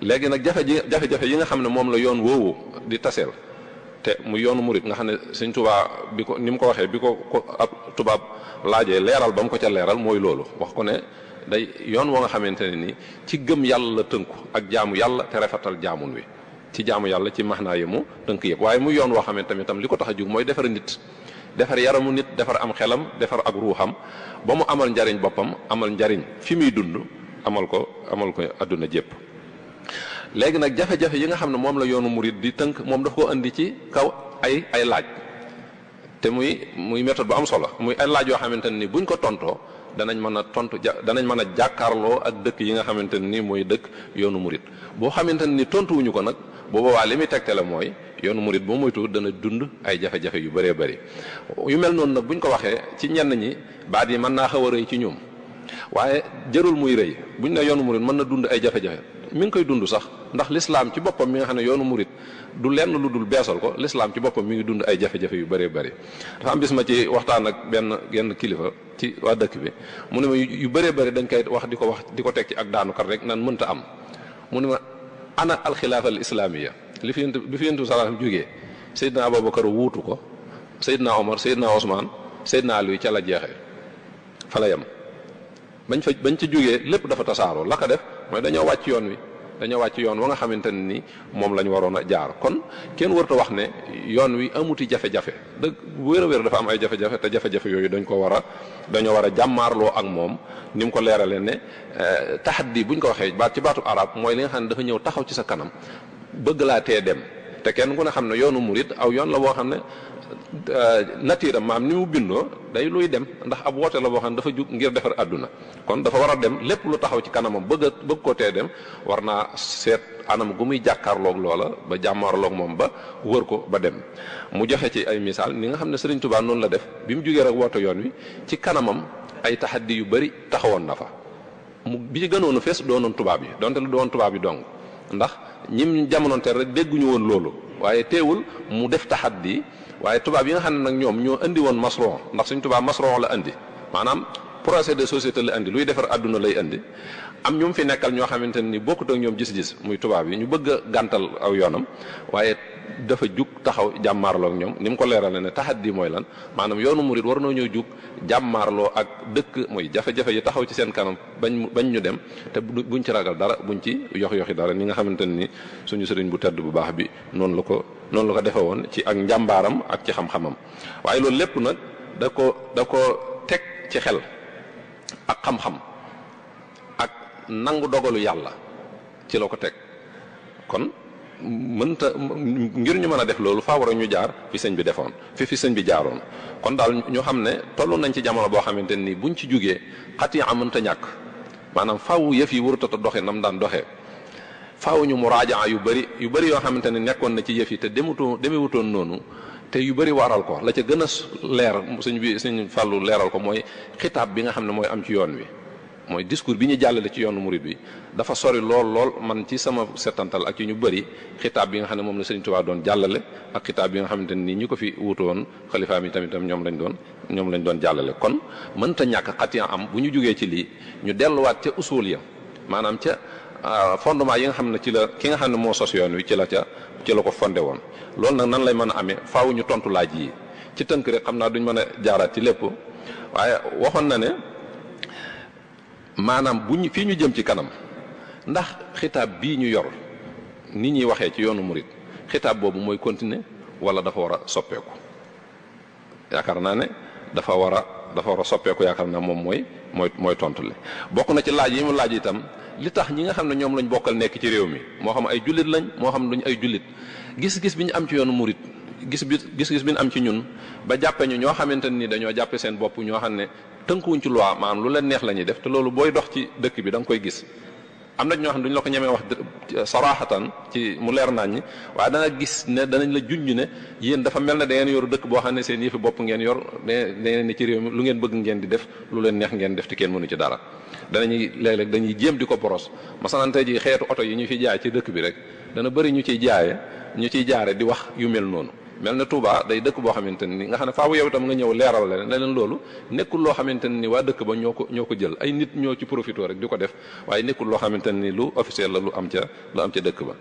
léegi nag jafe ji jafe-jafe yi nga xam ne moom la yoon woowu di taseel te muy yoonu murit nga xam ne sëñ tubaa bi ko ni mu ko waxee bi ko ko ab tubaab laajee leeral ba mu ko ca leeral mooy loolu wax ko ne day yoon woo nga xamante ne ni ci gëm yàlla la tënku ak jaamu yàlla te rafetal jaamun wi ci jaamu yàlla ci max naa yi mu tënk yëpp waaye muy yoon woo xamante ne tam li ko tax a jóg mooy defar nit defar yaramu nit defar am xelam defar ak ruuxam ba mu amal njariñ boppam amal njariñ fi muy dund amal ko amal ko àdduna jépp léegi nag jafe yi nga xam ne moom la yoonu murid di tënk moom daf ko ci kaw ay ay laaj te muy muy méthode bu solo muy ay laaj yoo xamante ne ni buñ ko tontoo danañ mën a tontu ja danañ mën a jàkkaarloo ak dëkk yi nga xamante ne nii mooy dëkk yoonu murit boo xamante ne ni tontuwuñu ko nag bu boobaa li muy tegtale mooy yoonu murit boo moytu dana dund ay jafe-jafe yu bëree bëri. yu mel noonu nag buñ ko waxee ci ñenn ñi baat yi mën naa xaw a rëy ci ñoom waaye jërul muy rëy buñ ne yoonu murit mën na dund ay jafe-jafe. mi ngi koy dund sax ndax lislaam ci boppam mi nga xam ne yoonu murit du lenn lu dul beesal ko lislaam ci boppam mi ngi dund ay jafe-jafe yu bëree bëri dafa am bis ma ci waxtaan ak benn genn kilifa ci waa dëkk bi mu ne ma yu bëree bëri dañ koy wax di ko wax di ko teg ci ak daanukat rek nan mënta am mu ne ma ana alxilaafa al islaamiya li fi yëntu bi fi yëntu salaam jógee Seydina Abubakar wuutu ko Seydina Omar Seydina Ousmane Seydina Aliou ca la jeexee fa la yem bañ fa bañ ci jógee lépp dafa tasaaroo la ko def mooy dañoo wàcc yoon wi dañoo wàcc yoon wa nga xamante ne ni moom la ñu waroon a jaar kon kenn warta wax ne yoon wi amuti jafe-jafe dëgg wér a wér dafa am ay jafe-jafe te jafe-jafe yooyu dañ ko war a dañoo war a jàmmaarloo ak moom ni mu ko leeralee ne taxat eh, taxaddi buñ ko waxee baat ci baatu arab mooy li nga xam ne dafa ñëw taxaw ci sa kanam bëgg laa tee dem te kenn ku ne xam ne yoonu murit aw yoon la boo xam ne Euh, nature am maam ni mu bindoo day luy dem ndax ab woote la boo xam ne dafa jug ngir defar àdduna kon dafa war a dem lépp lu taxaw ci kanamam bëgg bëgg ko tee dem war naa seet anam gu muy jàkkaarloog loola ba jàmmaarloog moom ba wër ko ba dem. mu joxe ci ay misaal ni nga xam ne Serigne Touba noonu la def bi mu jugee rek woote yoon wi ci kanamam ay taxaddi yu bëri taxawoon na fa mu bi ci gënoon a fees doonoon tubaab yi donte doon tubaab yi dong ndax ñim jamonoonte rek dégguñu woon loolu waaye teewul mu def taxaddi. waaye tubaab yi nga xam ne nag ñoom ñoo indi woon masron ndax suñ tubaab masron la indi maanaam projet de société la indi luy defar àdduna lay indi am ñoom fi nekkal ñoo xamante ni bokkut ak ñoom gis-gis muy tubaab yi ñu bëgg gàntal aw yoonam waaye dafa jug taxaw jàmmaarloo ñoom ni mu ko leerale ne di mooy lan maanaam yoonu murit war noo ñëw jug jàmmaarloo ak dëkk mooy jafe-jafe yi taxaw ci seen kanam bañ bañ ñu dem te bu buñ ci ragal dara buñ ci yox yoxi dara ni nga xamante ni suñu sëriñ bu tedd bu baax bi noonu la ko noonu la ko defe woon ci ak njàmbaaram ak ci xam-xamam waaye loolu lépp nag da ko da ko teg ci xel ak xam-xam ak nangu dogalu yàlla ci la ko teg kon mënta ngir ñu mën a def loolu faaw ñu jaar fi sëñ bi defoon fi fi sëñ bi jaaroon kon daal ñu xam ne toll nañ ci jamono boo xamante ni buñ ci jógee xat yi am mënta ñàkk maanaam faw yëf yi warut a doxee nam daan doxee faaw ñu muraajaa yu bëri yu bëri yoo xamante ne nekkoon na ci yëf yi te demutoo demewutoon noonu te yu bëri waral ko la ca gën a leer sëñ bi sëñ fàllu leeral ko mooy xitaab bi nga xam ne mooy am ci yoon wi. mooy discours bi ñu jàllale ci yoonu murid bi dafa sori lool lool man ci sama setantal ak yu ñu bëri xitaab bi nga xam ne moom la Sëriñ Tuubaa doon jàllale ak bi nga xamante ni ñi ko fi wuutu woon xalifaam yi tamitam ñoom lañ doon ñoom lañ doon jàllale kon mënta ñàkk xatiya am bu ñu jógee ci lii ñu delluwaat ca usul ya maanaam ca euh, fondement yi nga xam ne ci la ki nga xam ne moo sos yoon wi ci la ca ci la ko fonde woon loolu nag nan lañ mën a amee faaw ñu tontu laaj yi ci tënk rek xam naa duñ mën a jaaraat ci lépp waaye waxoon na ne maanaam bu ñu fii ñu jëm ci kanam ndax xitaab bii ñu yor ni ñuy waxee ci yoonu murit xitaab boobu mooy continuer wala dafa war a soppeeku yaakaar naa ne dafa war a dafa war a soppeeku yaakaar naa moom mooy mooy mooy tontu li bokk na ci laaj yi mu laaj itam li tax ñi nga xam ne ñoom lañ bokkal nekk ci réew mi moo xam ay jullit lañ moo xam ne dañu ay jullit gis-gis bi ñu am ci yoonu murit gis bi gis-gis bi ñu am ci ñun ba jàppe ñu ñoo xamante ni dañoo jàppe seen bopp ñoo xam ne tënkuwuñ ci loi maanaam lu leen neex lañuy def te loolu booy dox ci dëkk bi danga koy gis am na ñoo xam ne duñ la ko ñemee wax saraaxatan ci mu leer nañ ñi waaye dana gis ne danañ la junj ne yéen dafa mel ne da ngeen yoru dëkk boo xam ne seen yëfi bopp ngeen yor da ngeen ne ci réew mi lu ngeen bëgg ngeen di def lu leen neex ngeen def te kenn mënu ci dara danañuy léeg-léeg dañuy jéem di ko boros masalan ji xeetu oto yi ñu fi jaay ci dëkk bi rek dana bëri ñu ciy jaaye ñu ciy jaare di wax yu mel noonu mel na Touba day dëkk boo xamante ne ni nga xam ne faawu yow itam nga ñëw leeral la ne leen loolu nekkul loo xamante ne ni waa dëkk ba ñoo ko ñoo ko jël ay nit ñoo ci profité rek di ko def waaye nekkul loo xamante ni lu officiel la lu am ca lu am ca dëkk ba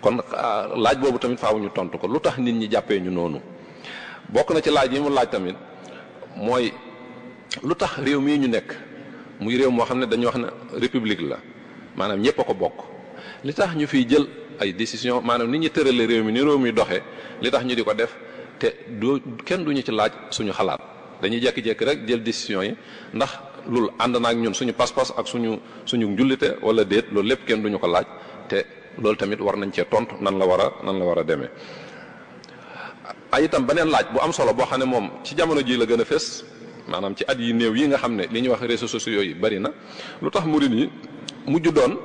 kon ah, laaj boobu tamit faawu ñu tontu ko lu tax nit ñi jàppee ñu noonu bokk na ci laaj yi mu laaj tamit mooy lu tax réew mii ñu nekk muy réew moo xam ne dañoo wax ne république la maanaam ñëpp a ko bokk ay décision maanaam nit ñi tërale réew mi ni réew mi doxee li tax ñu di ko def te du kenn duñu ci laaj suñu xalaat dañuy jékki-jékki rek jël décision yi ndax loolu ànd na ak ñun suñu pas-pas ak suñu suñu njullite wala déet loolu lépp kenn duñu ko laaj te loolu tamit war nañ cee tontu nan la war a nan war a demee. ay itam beneen laaj bu am solo boo xam ne moom ci jamono ji la gën a fés maanaam ci at yi néew yi nga xam ne li ñuy wax réseaux sociaux yi bari na lu tax murid yi mujj doon.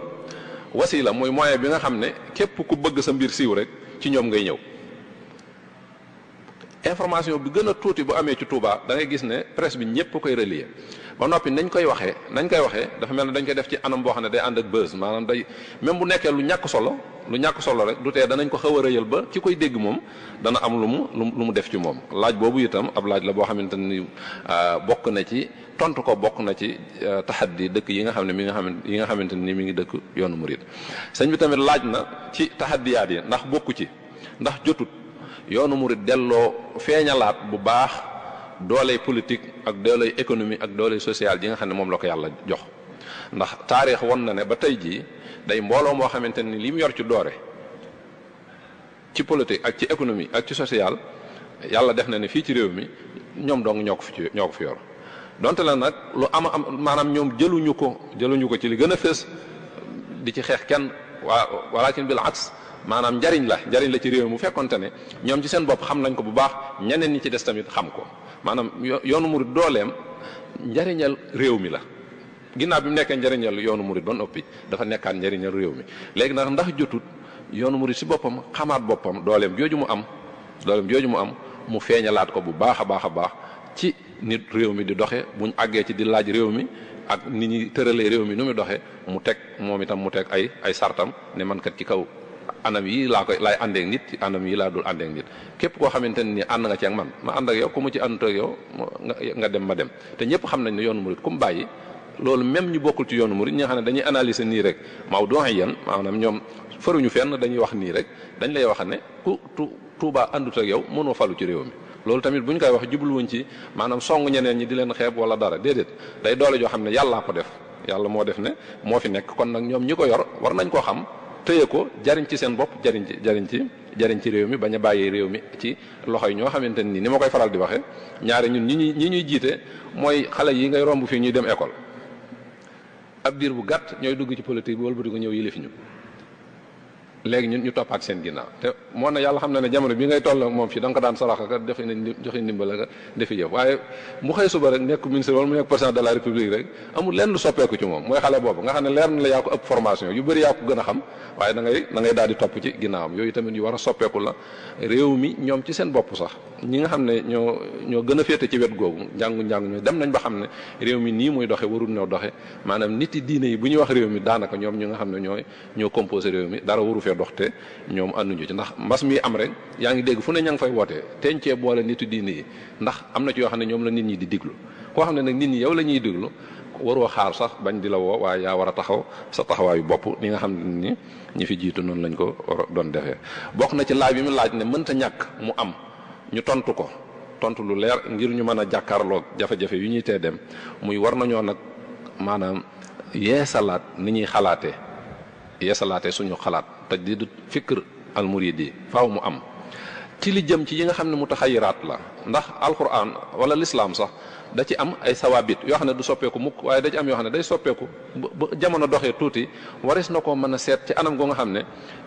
wasila mooy moyen bi nga xam ne képp ku bëgg sa mbir siiw rek ci ñoom ngay ñëw information bi gën a tuuti bu amee ci Touba da ngay gis ne presse bi ñëpp koy relier ba noppi nañ koy waxee nañ koy waxee dafa mel ne dañ koy def ci anam boo xam ne day ànd ak buzz maanaam day même bu nekkee lu ñàkk solo lu ñàkk solo rek du tee danañ ko xaw a rëyal ba ci koy dégg moom dana am lu mu lu mu def ci moom laaj boobu itam ab laaj la boo xamante ni ah, bokk na ci tontu ko bokk na ci ah, taxaddi dëkk yi nga xam ne mi nga xam yi nga xamante ni mi ngi dëkk yoonu mu murid sëñ bi tamit laaj na ci taxaddiyaat yi ndax bokku ci ndax jotut yoonu murid delloo feeñalaat bu baax dooley politique ak dooley économie ak dooley sociale ji nga xam ne moom la ko yàlla jox ndax taarix won na ne ba tey jii day mbooloo moo xamante ni li mu yor ci doore ci politique ak ci économie ak ci sociale yàlla def na ne fii ci réew mi ñoom dong ñoo ko fi ñoo ko fi yor donte la nag lu am am maanaam ñoom jëluñu ko jëluñu ko ci li gën a fës di ci xeex kenn waa walakin bil aks maanaam njariñ la njariñ la ci réew mi bu fekkonte ne ñoom ci seen bopp xam nañ ko bu baax ñeneen ñi ci des tamit xam ko maanaam yoonu murit dooleem njariñal réew mi la ginnaaw bi mu nekkee njariñal yoonu murit ba noppi dafa nekkaat njariñal réew mi léegi nag ndax jotut yoonu murit si boppam xamaat boppam dooleem jooju mu am dooleem jooju mu am mu feeñalaat ko bu baax a baax a baax ci nit réew mi di doxe buñ àggee ci di laaj réew mi ak ni ñuy tëralee réew mi nu muy doxe mu teg moom itam mu teg ay ay sartam ne man kat ci kaw anam yi laa koy laay àndeek nit ci anam yi laa dul àndeek nit képp koo xamante ne ni ànd nga ci ak man ma ànd ak yow ku mu ci ànd ak nga dem ma dem te ñëpp xam nañ ne yoon murit ku mu bàyyi loolu même ñi bokkul ci yoonu murit ñi nga xam ne dañuy analyser nii rek maaw doxe yan maanaam ñoom faruñu fenn dañuy wax nii rek dañ lay wax ne ku Tuubaa àndut ak yow mënoo falu ci réew mi loolu tamit bu ñu koy wax jubluwuñ ci maanaam song ñeneen ñi di leen xeeb wala dara déedéet day doole joo xam ne yàllaa ko def yàlla moo def ne moo fi nekk kon nag ñoom ñi ko yor war nañ koo xam téye ko jariñ ci seen bopp jariñ ci jariñ ci jariñ ci réew mi bañ a bàyyi réew mi ci loxo yi ñoo xamante ni ni ma koy faral di waxee ñaari ñun ñi ñuy ñi ñuy jiite mooy xale yi ngay romb fii ñuy dem école ab diir bu gàtt ñooy dugg ci politique bi wëlbati ko ñëw yilif ñu léegi ñun ñu topp ak seen ginnaaw te moo na yàlla xam na ne jamono bi ngay tolloo moom fii da nga ko daan sarax ak defe nañ joxe ndimbal ak defe yëpp waaye mu xëy suba rek nekk ministre wala mu nekk président de la république rek amul lenn lu soppeeku ci moom mooy xale boobu nga xam ne leer na la yaa ko ëpp formation yu bëri yaa gën a xam waaye da ngay topp ci ginnaawam yooyu tamit yu war soppeeku la réew mi ñoom ci seen bopp sax ñi nga xam ne ñoo ñoo gën a féete ci wet googu njàngu njàngu ñoo dem nañ ba xam ne réew mi nii muy doxe warul new doxe maanaam nit yi diine yi bu ñuy wax réew mi daanaka ñoom ñi nga xam ne ñooy dox te ñoom ànduñu ci ndax mbas mi am rek yaa ngi dégg fu ne ña ngi fay wootee tencee boole nitu diine yi ndax am na ci yoo xam ne ñoom la nit ñi di diglu koo xam ne nag nit ñi yow la ñuy diglu waroo xaar sax bañ di la woo waaye yaa war a taxaw sa taxawaayu bopp ni nga xam ne ni ñi fi jiitu noonu lañ ko doon defee bokk na ci laaj bi mu laaj ne mënta ñàkk mu am ñu tontu ko tontu lu leer ngir ñu mën a jàkkaarloog jafe-jafe yu ñuy tee dem muy war nañoo nag maanaam yeesalaat ni ñuy xalaatee yesalaate suñu xalaat te di du fikr almuridi faaw mu am ci li jëm ci yi nga xam ne mu taxayiraat la ndax alquran wala lislaam sax da ci am ay sawaabit yoo xam ne du soppeeku mukk waaye da ci am yoo xam ne day soppeeku ba jamono doxee tuuti waris na ko mën a seet ci anam go nga xam ne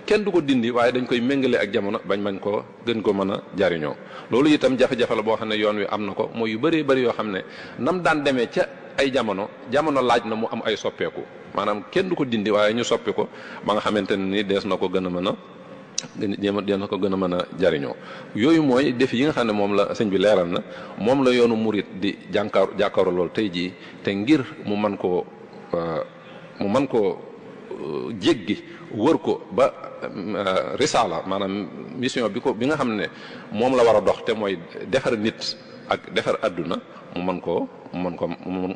kenn du ko dindi waaye dañ koy méngale ak jamono bañ mañ koo gën ko mën a jariñoo loolu itam jafe-jafe la boo xam ne yoon wi am na ko mooy yu bëree bëri yoo xam ne nam daan demee ca ay jamono jamono laaj na mu am ay soppeeku maanaam kenn du ko dindi waaye ñu soppi ko ba nga xamante ne ni dees na ko gën a mën a dees na ko gën a mën a jariñoo yooyu mooy def yi nga xam ne moom la sëñ bi leeral na moom la yoonu murit di jànkaar jàkkaaru tey jii te ngir mu man koo mu man koo euh, jéggi wër ko ba euh, risaala maanaam mission bi ko bi nga xam ne moom la war a dox te mooy defar nit ak defar àdduna mu mën koo mu mën koo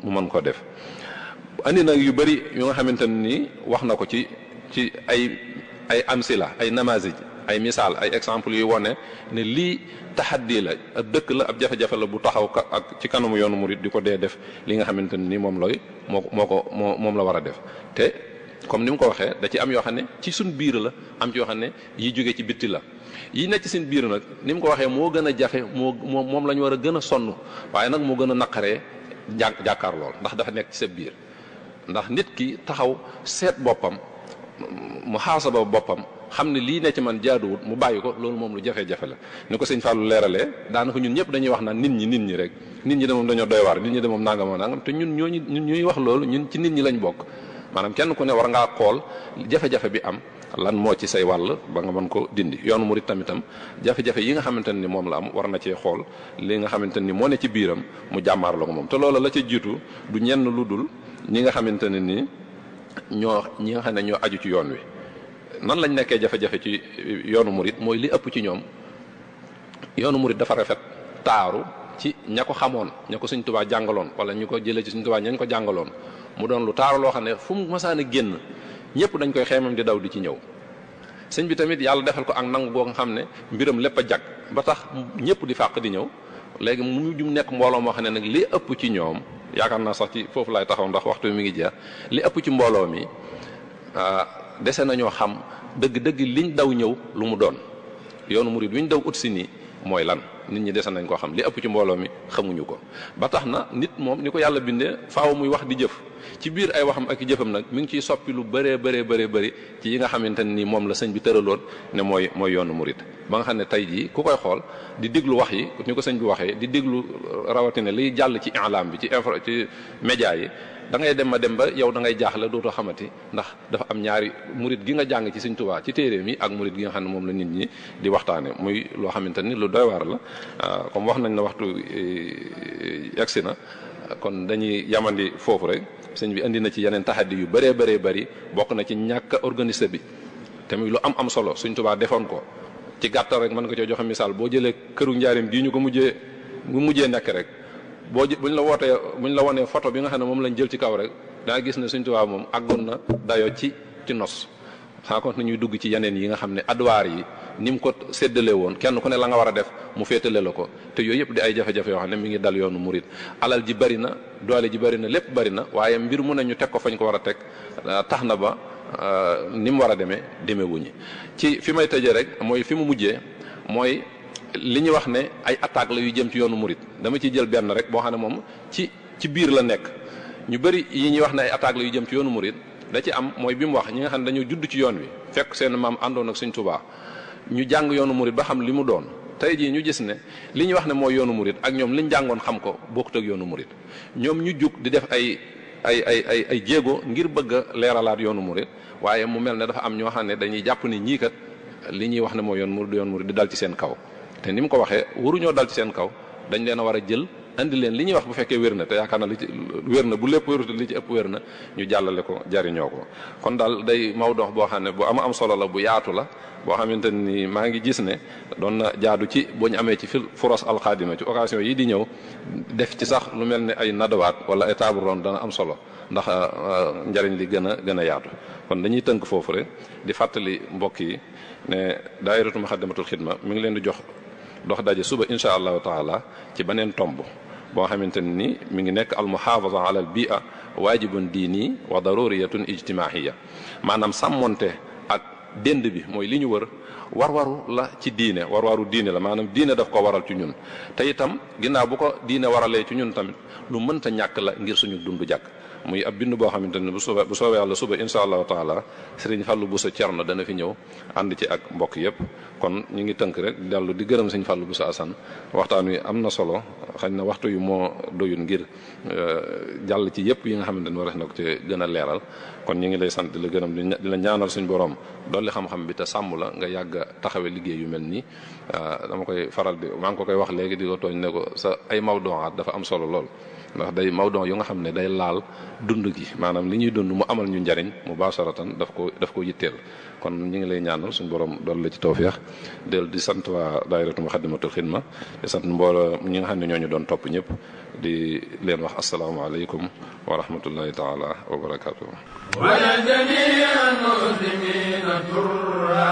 mu mën koo def andi nag yu bari yu nga xamante ne nii wax na ko ci ci ay ay amsila ay namazij ay misaal ay exemple yu wone ne lii taxaddi la ab dëkk la ab jafe-jafe la bu taxaw ak ci kanamu yoonu murit di ko dee def li nga xamante ne nii moom looy moo moo ko moo moom la war a def te comme ni mu ko waxee da ci am yoo xam ne ci suñ biir la am ci yoo xam ne yi jóge ci bitti la yi nekk seen biir nag ni mu ko waxee moo gën a jafe moo moom la ñu war a gën a sonn waaye nag moo gën a naqaree jànk jàkkaar lool ndax dafa nekk ci sa biir ndax nit ki taxaw seet boppam mu xaasaba boppam xam ne lii ne ci man jaaduwut mu bàyyi ko loolu moom lu jafe-jafe la ni ko sëñ Fallou leeralee daanaka ñun ñëpp dañuy wax naan nit ñi nit ñi rek nit ñi de moom dañoo doy waar nit ñi demoom moom nangam nangam te ñun ñooñu ñun ñuy wax loolu ñun ci nit ñi lañ bokk maanaam kenn ku ne war ngaa xool jafe bi am lan moo ci say wàll ba nga man ko dindi yoonu murit tamitam jafe-jafe yi nga xamante ne ni moom la am war na cee xool li nga xamante ni moo ne ci biiram mu jàmmaar la ko moom te loola la ca jiitu du ñenn lu dul ñi nga xamante ne ni ñoo ñi nga xam ne ñoo aju ci yoon wi nan lañ nekkee jafe-jafe ci yoonu murit mooy li ëpp ci ñoom yoonu murit dafa rafet taaru ci ña ko xamoon ña ko Sëñ Tuubaa jàngaloon wala ñu ko jëlee ci Sëñ Tuubaa ñañ ko jàngaloon mu génn ñëpp dañ koy xeemam di daw di ci ñëw sëñ bi tamit yàlla defal ko ak nangu goo xam ne mbiram lépp a jag ba tax ñëpp di fàq di ñëw léegi mu jum nekk mbooloo moo xam ne nag li ëpp ci ñoom yaakaar naa sax ci foofu laay taxaw ndax waxtu mi ngi jeex li ëpp ci mbooloo mi ah, dese nañoo xam dëgg-dëgg liñ daw ñëw lu mu doon yoonu murid wiñ daw ut si nii mooy lan nit ñi dese nañ koo xam li ëpp ci mbooloo mi xamuñu ko ba tax na nit moom ni ko yàlla bindee faaw muy wax di jëf ci biir ay waxam ak jëfam nag mi ngi ciy soppi lu bëree bëree bëree bëri ci yi nga xamante ne nii moom la sëñ bi tëraloon ne mooy mooy yoonu murit ba nga xam ne tey jii ku koy xool di déglu wax yi ñu ko sëñ bi waxee di déglu rawatina liy jàll ci inlam bi ci infra ci média yi da ngay dem a dem ba yow dangay ngay jaaxle dootoo xamati ndax dafa am ñaari murit gi nga jàng ci Sëñ Tuubaa ci téeréem yi ak murit gi nga xam ne moom la nit ñi di waxtaane muy loo xamante ni lu doy waar la ah, comme wax nañ na waxtu eh, egsi na kon dañuy yamandi foofu rek sëñ bi indi na ci yeneen taxaddi yu bëree bëree bari bokk na ci ñàkk organisé bi te muy lu am am solo suñ Tuubaa defoon ko ci gàttal rek mën nga coo joxe misaal boo jëlee këru njaarim gii ñu ko mujjee mu mujjee nekk rek boo buñ la wootee buñ la wonee foto bi nga xam ne moom lañ jël ci kaw rek daa gis ne Sëriñ Tuubaa moom aggoon na dayo ci ci nos sans compte nañuy dugg ci yeneen yi nga xam ne adwaar yi ni mu ko séddale kenn ku ne la nga war a def mu féetale la ko te yooyu yëpp di ay jafe-jafe yoo xam ne mu ngi dal yoonu murit alal ji bari na doole ji bari na lépp bari na waaye mbir mu ne ñu teg ko fañ ko war a teg euh, tax na ba euh, ni mu war a demee demee wuñu ci fi may tëjee rek mooy fi mu mujjee mooy li ñu wax ne ay attaque la yu jëm ci yoonu murit dama ciy jël benn rek boo xam ne moom ci ci biir la nekk ñu bëri yi ñuy wax ne ay attaque la yu jëm ci yoonu murit da ci am mooy bi mu wax ñi nga xam ne dañoo judd ci yoon wi fekk seen maam ak Sëñ ñu jàng yoonu murit ba xam li mu doon tey jii ñu gis ne li ñu wax ne mooy yoonu murit ak ñoom liñ jàngoon xam ko bokkut ak yoonu murit ñoom ñu jug di def ay ay ay ay ay jéego ngir bëgg a leeralaat yoonu murit waaye mu mel ne dafa am ñoo xam ne dañuy jàpp ni ñiikat li ñuy wax ne mooy yoonu murit yoonu murit di dal ci seen kaw te ni mu ko waxee waruñoo daal ci seen kaw dañ leen a war a jël indi leen li ñuy wax bu fekkee wér na te yaakaar na li ci wérna bu lépp wérut li ci ëpp wér na ñu jàllale ko jariñoo ko kon daal day maw dox boo xam ne bu ama am solo la bu yaatu la boo xamante ni maa ngi gis ne doon na jaadu ci boo ñu amee ci fil furos alxaadima ci occasion yi di ñëw def ci sax lu mel ni ay nadawaat wala ay table dana am solo ndax euh, euh, njariñ li gën a gën a yaatu kon dañuy tënk foofu rek di fàttali mbokk yi ne daayiratu Muxaddamatul Xidma mi ngi leen di jox dox daje suba incha allahu taala ci beneen tomb boo xamante ne ni mi ngi nekk al muhafaza ala al bia waajibun diini wa daruriyatun ijtimaiya maanaam sàmmoonte ak dénd bi mooy li ñu wër warwaru la ci diine warwaru diine la maanaam diine daf ko waral ci ñun te itam ginnaaw bu ko diine waralee ci ñun tamit lu mënta ñàkk la ngir suñu dund jàkk muy ab bind boo xamante ne bu soobee bu soobee yàlla suba insha allahu taala sëriñ Fallou Bousso Thierno dana fi ñëw ànd ci ak mbokk yëpp kon ñu ngi tënk rek dellu di gërëm sëriñ Fallou Bousso Assane waxtaan wi am na solo xañ na waxtu yu moo doyul ngir euh, jàll ci yëpp yi nga xamante ne war na ko ci gën a leeral kon ñu ngi lay sant di la gërëm di la ñaanal suñu borom dolli xam-xam bi te sàmm la nga yàgg taxawee liggéey yu mel nii euh, dama koy faral di maa ngi ko koy wax léegi di ko tooñ ne ko sa ay mawdoonaat dafa am solo lool ndax day mawdoon yu nga xam ne day laal dund gi maanaam li ñuy dund mu amal ñu njariñ mu baasaratan daf ko daf ko yitteel kon ñu ngi lay ñaanal suñ boroom dool la ci tawféex del di sant waa daayiratu Muxaddamatul Xidma di sant mbooloo ñi nga xam ne ñoo ñu doon topp ñëpp di leen wax asalaamaaleykum wa rahmatullahi taala wa barakaatu. ولجميع المسلمين ترى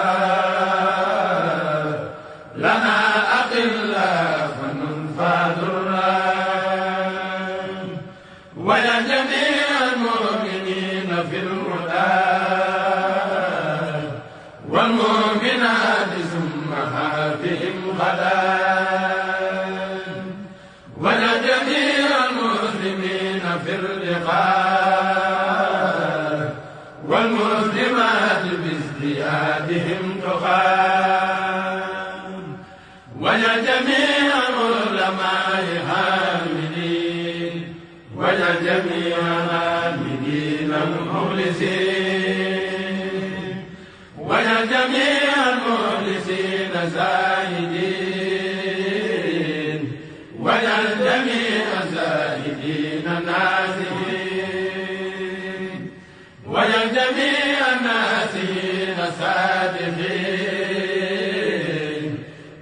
صادقين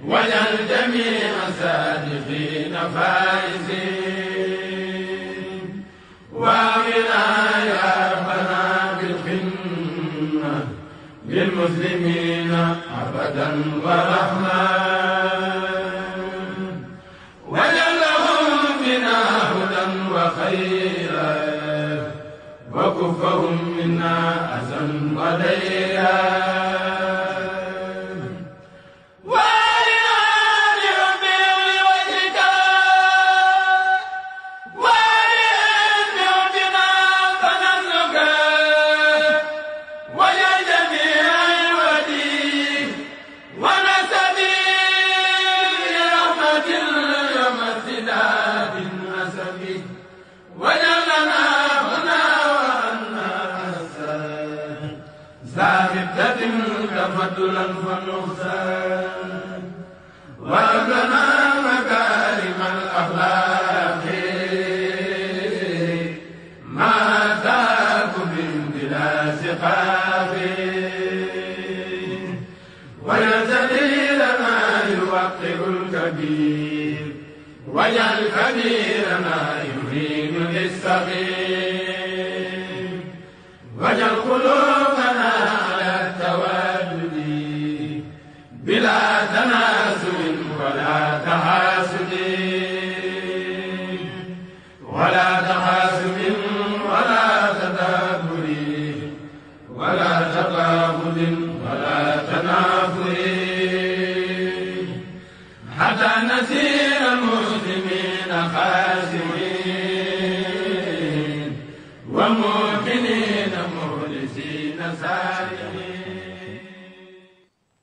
واجعل جميع صادقين فائزين وامنا يا ربنا بالخدمة للمسلمين أبدا ورحمة وجعلهم بنا هدى وخيرا وكفهم منا أذى وليلا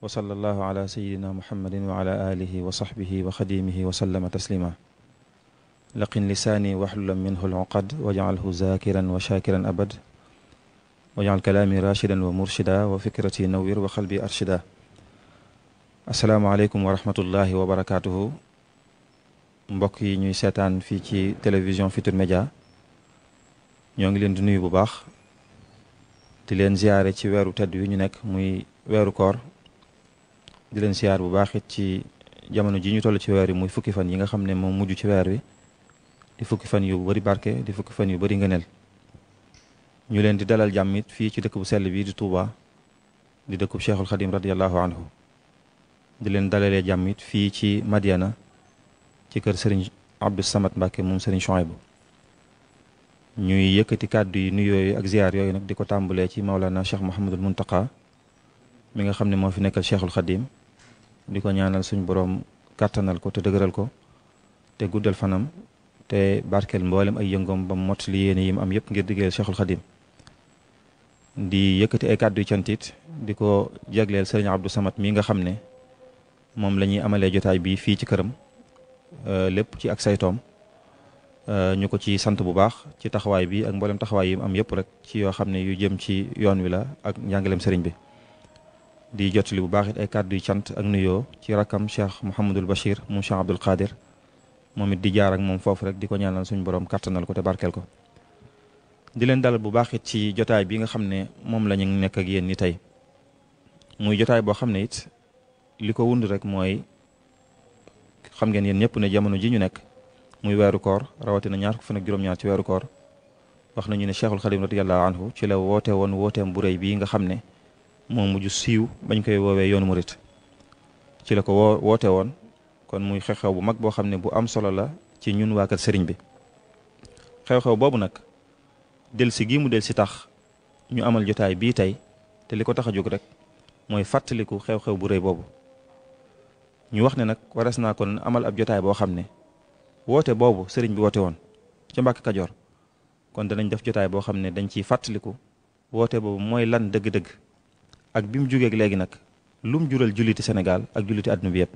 wa sallallahu ala sayidina muhammadin wa ala alihi wa sahbihi wa xadimihi wa sallama taslima laqin lisaani waxlulam minhu luqad wajcalhu zakiran wa shakiran abad wajcal kalaami rashidan wa murshida wa fikrati nawir wa qalbi arshida asalaamu aleykum wa rahmatullahi wa barakatuhu mbokk yi ñuy seetaan fii ci télévision Futurs Médias ñoo ngi leen di nuyu bu baax di leen ziare ci weeru tedd yu ñu nekk muy weeru koor di leen ziar bu baaxit ci jamono ji ñu toll ci weer yi muy fukki fan yi nga xam ne moom mujj ci weer wi di fukki fan yu bari barke di fukki fan yu bëri ngëneel ñu leen di dalal jàmm fii ci dëkk bu sell bii di Touba di dëkkub Cheikhul Khadim radiallahu anhu di leen dalalee jàmmit fii ci Madiana ci kër Serigne Abdou Samad Mbacke moom Serigne Chouaïbou ñuy yëkkati kàddu yi nuyooyu ak ziar yooyu nag di ko tàmbalee ci Maulana Cheikh Mouhamadul Mountakha mi nga xam ne moo fi nekkal Cheikhul Khadim di ko ñaanal suñu borom kàttanal ko te dëgëral ko te guddal fanam te barkeel mboolem ay yëngoom ba mot li yéene yi mu am yëpp ngir diggeel Cheikhul Khadim di yëkkati ay kàddu yu cantit di ko jagleel sëriñ Abdou samat mii nga xam ne moom la ñuy amalee jotaay bii fii ci këram euh, lépp ci ak saytoom Euh, ñu ko ci sant bu baax ci taxawaay bi ak mboolem taxawaay yi mu am yëpp rek ci yoo xam ne yu jëm ci yoon wi la ak njàngaleem sëriñ bi di jotli bu baax it ay kàddu yu sant ak nuyoo ci rakkam cheikh Mouhamadul Bachir mu cheikh Abdoul Khadir moom it di jaar ak moom foofu rek di ko ñaanal suñu borom kattanal ko te barkeel ko. di leen dalal bu baax it ci jotaay bi nga xam ne moom la ñu nekk ak yéen ni tey muy jotaay boo xam ne it li ko wund rek mooy xam ngeen yéen ñëpp ne jamono ji ñu nekk. muy weeru koor rawatina ñaar ko fan juróom-ñaar ci weeru koor wax nañu ne cheikhul xadim radiallahu anhu ci la woote woon wooteem bu rëy bii nga xam ne moo mujj siiw bañ koy woowee yoonu murit ci la ko woo wootee woon kon muy xew-xew bu mag boo xam ne bu am solo la ci ñun waa kër sëriñ bi xew-xew boobu nag del si gii mu del si tax ñu amal jotaay bii tey te li ko tax a jóg rek mooy fàttaliku xew-xew bu rëy boobu ñu wax ne nag waras naa kon amal ab jotaay boo xam ne woote boobu sëriñ bi woote woon ci Mbàkke Kajoor kon danañ def jotaay boo xam ne dañ ciy fàttaliku woote boobu mooy lan dëgg-dëgg ak bi mu jógeeg léegi nag lu mu jural julliti Sénégal ak julliti àdduna bi yëpp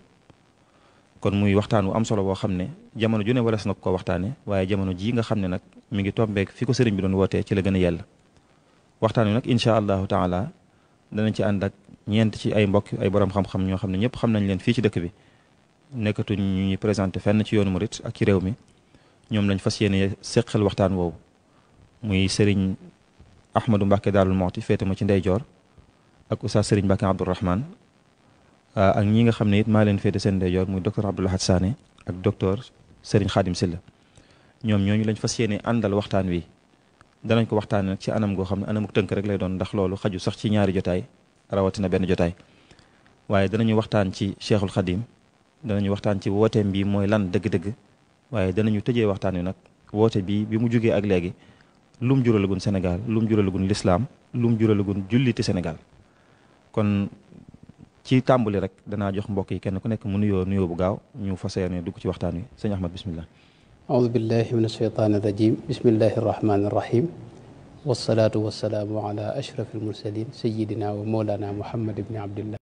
kon muy waxtaan wu am solo boo xam ne jamono ju ne walas na ko waxtaane waaye jamono jii nga xam ne nag mu ngi tombeek fi ko sëriñ bi doon wootee ci la gën a yell waxtaan wi nag incha allahu taala danañ ci ànd ak ñeent ci ay mbokk ay borom xam ñoo xam ne ñëpp xam nañ leen fii ci dëkk bi nekkatuñ ñu ñu présenté fenn ci yoonu murit ak ci réew mi ñoom lañ fas yéene séqal waxtaan woowu muy sëriñ Ahmadou Mbacke Daarul Moxti féete ma ci ndeyjoor ak Oustaz sëriñ Mbacke Abdourahman ah, ak ñi nga xam ne it maa leen féete seen ndeyjoor muy docteur Abdou Lahad Sané ak docteur sëriñ Khadim Silla ñoom ñooñu lañ fas yéene àndal waxtaan wi danañ ko waxtaanee ci anam goo xam ne anam tënk rek lay doon ndax loolu xaju sax ci ñaari jotaay rawatina benn jotaay waaye danañu waxtaan ci Cheikhul Khadim ñu waxtaan ci wooteem bi mooy lan dëgg-dëgg waaye dana ñu tëjee waxtaan wi nag woote bi bi mu jugee ak léegi lum juralagun Sénégal lum juralagun lislaam lum juralagun julliti senegal kon ci tàmbali rek danaa jox mbokk yi kenn ku nekk mu nuyoo nuyoo bu gaaw ñu fas yéene dugg ci waxtaan wi sëñ Ahmad bismillah aoudu billahi min asheytaani irajim bismillahi irrahmani irrahim wasalaatu wasalaamu ala ashraf almursalin sayidina wa moolana muhammad ibni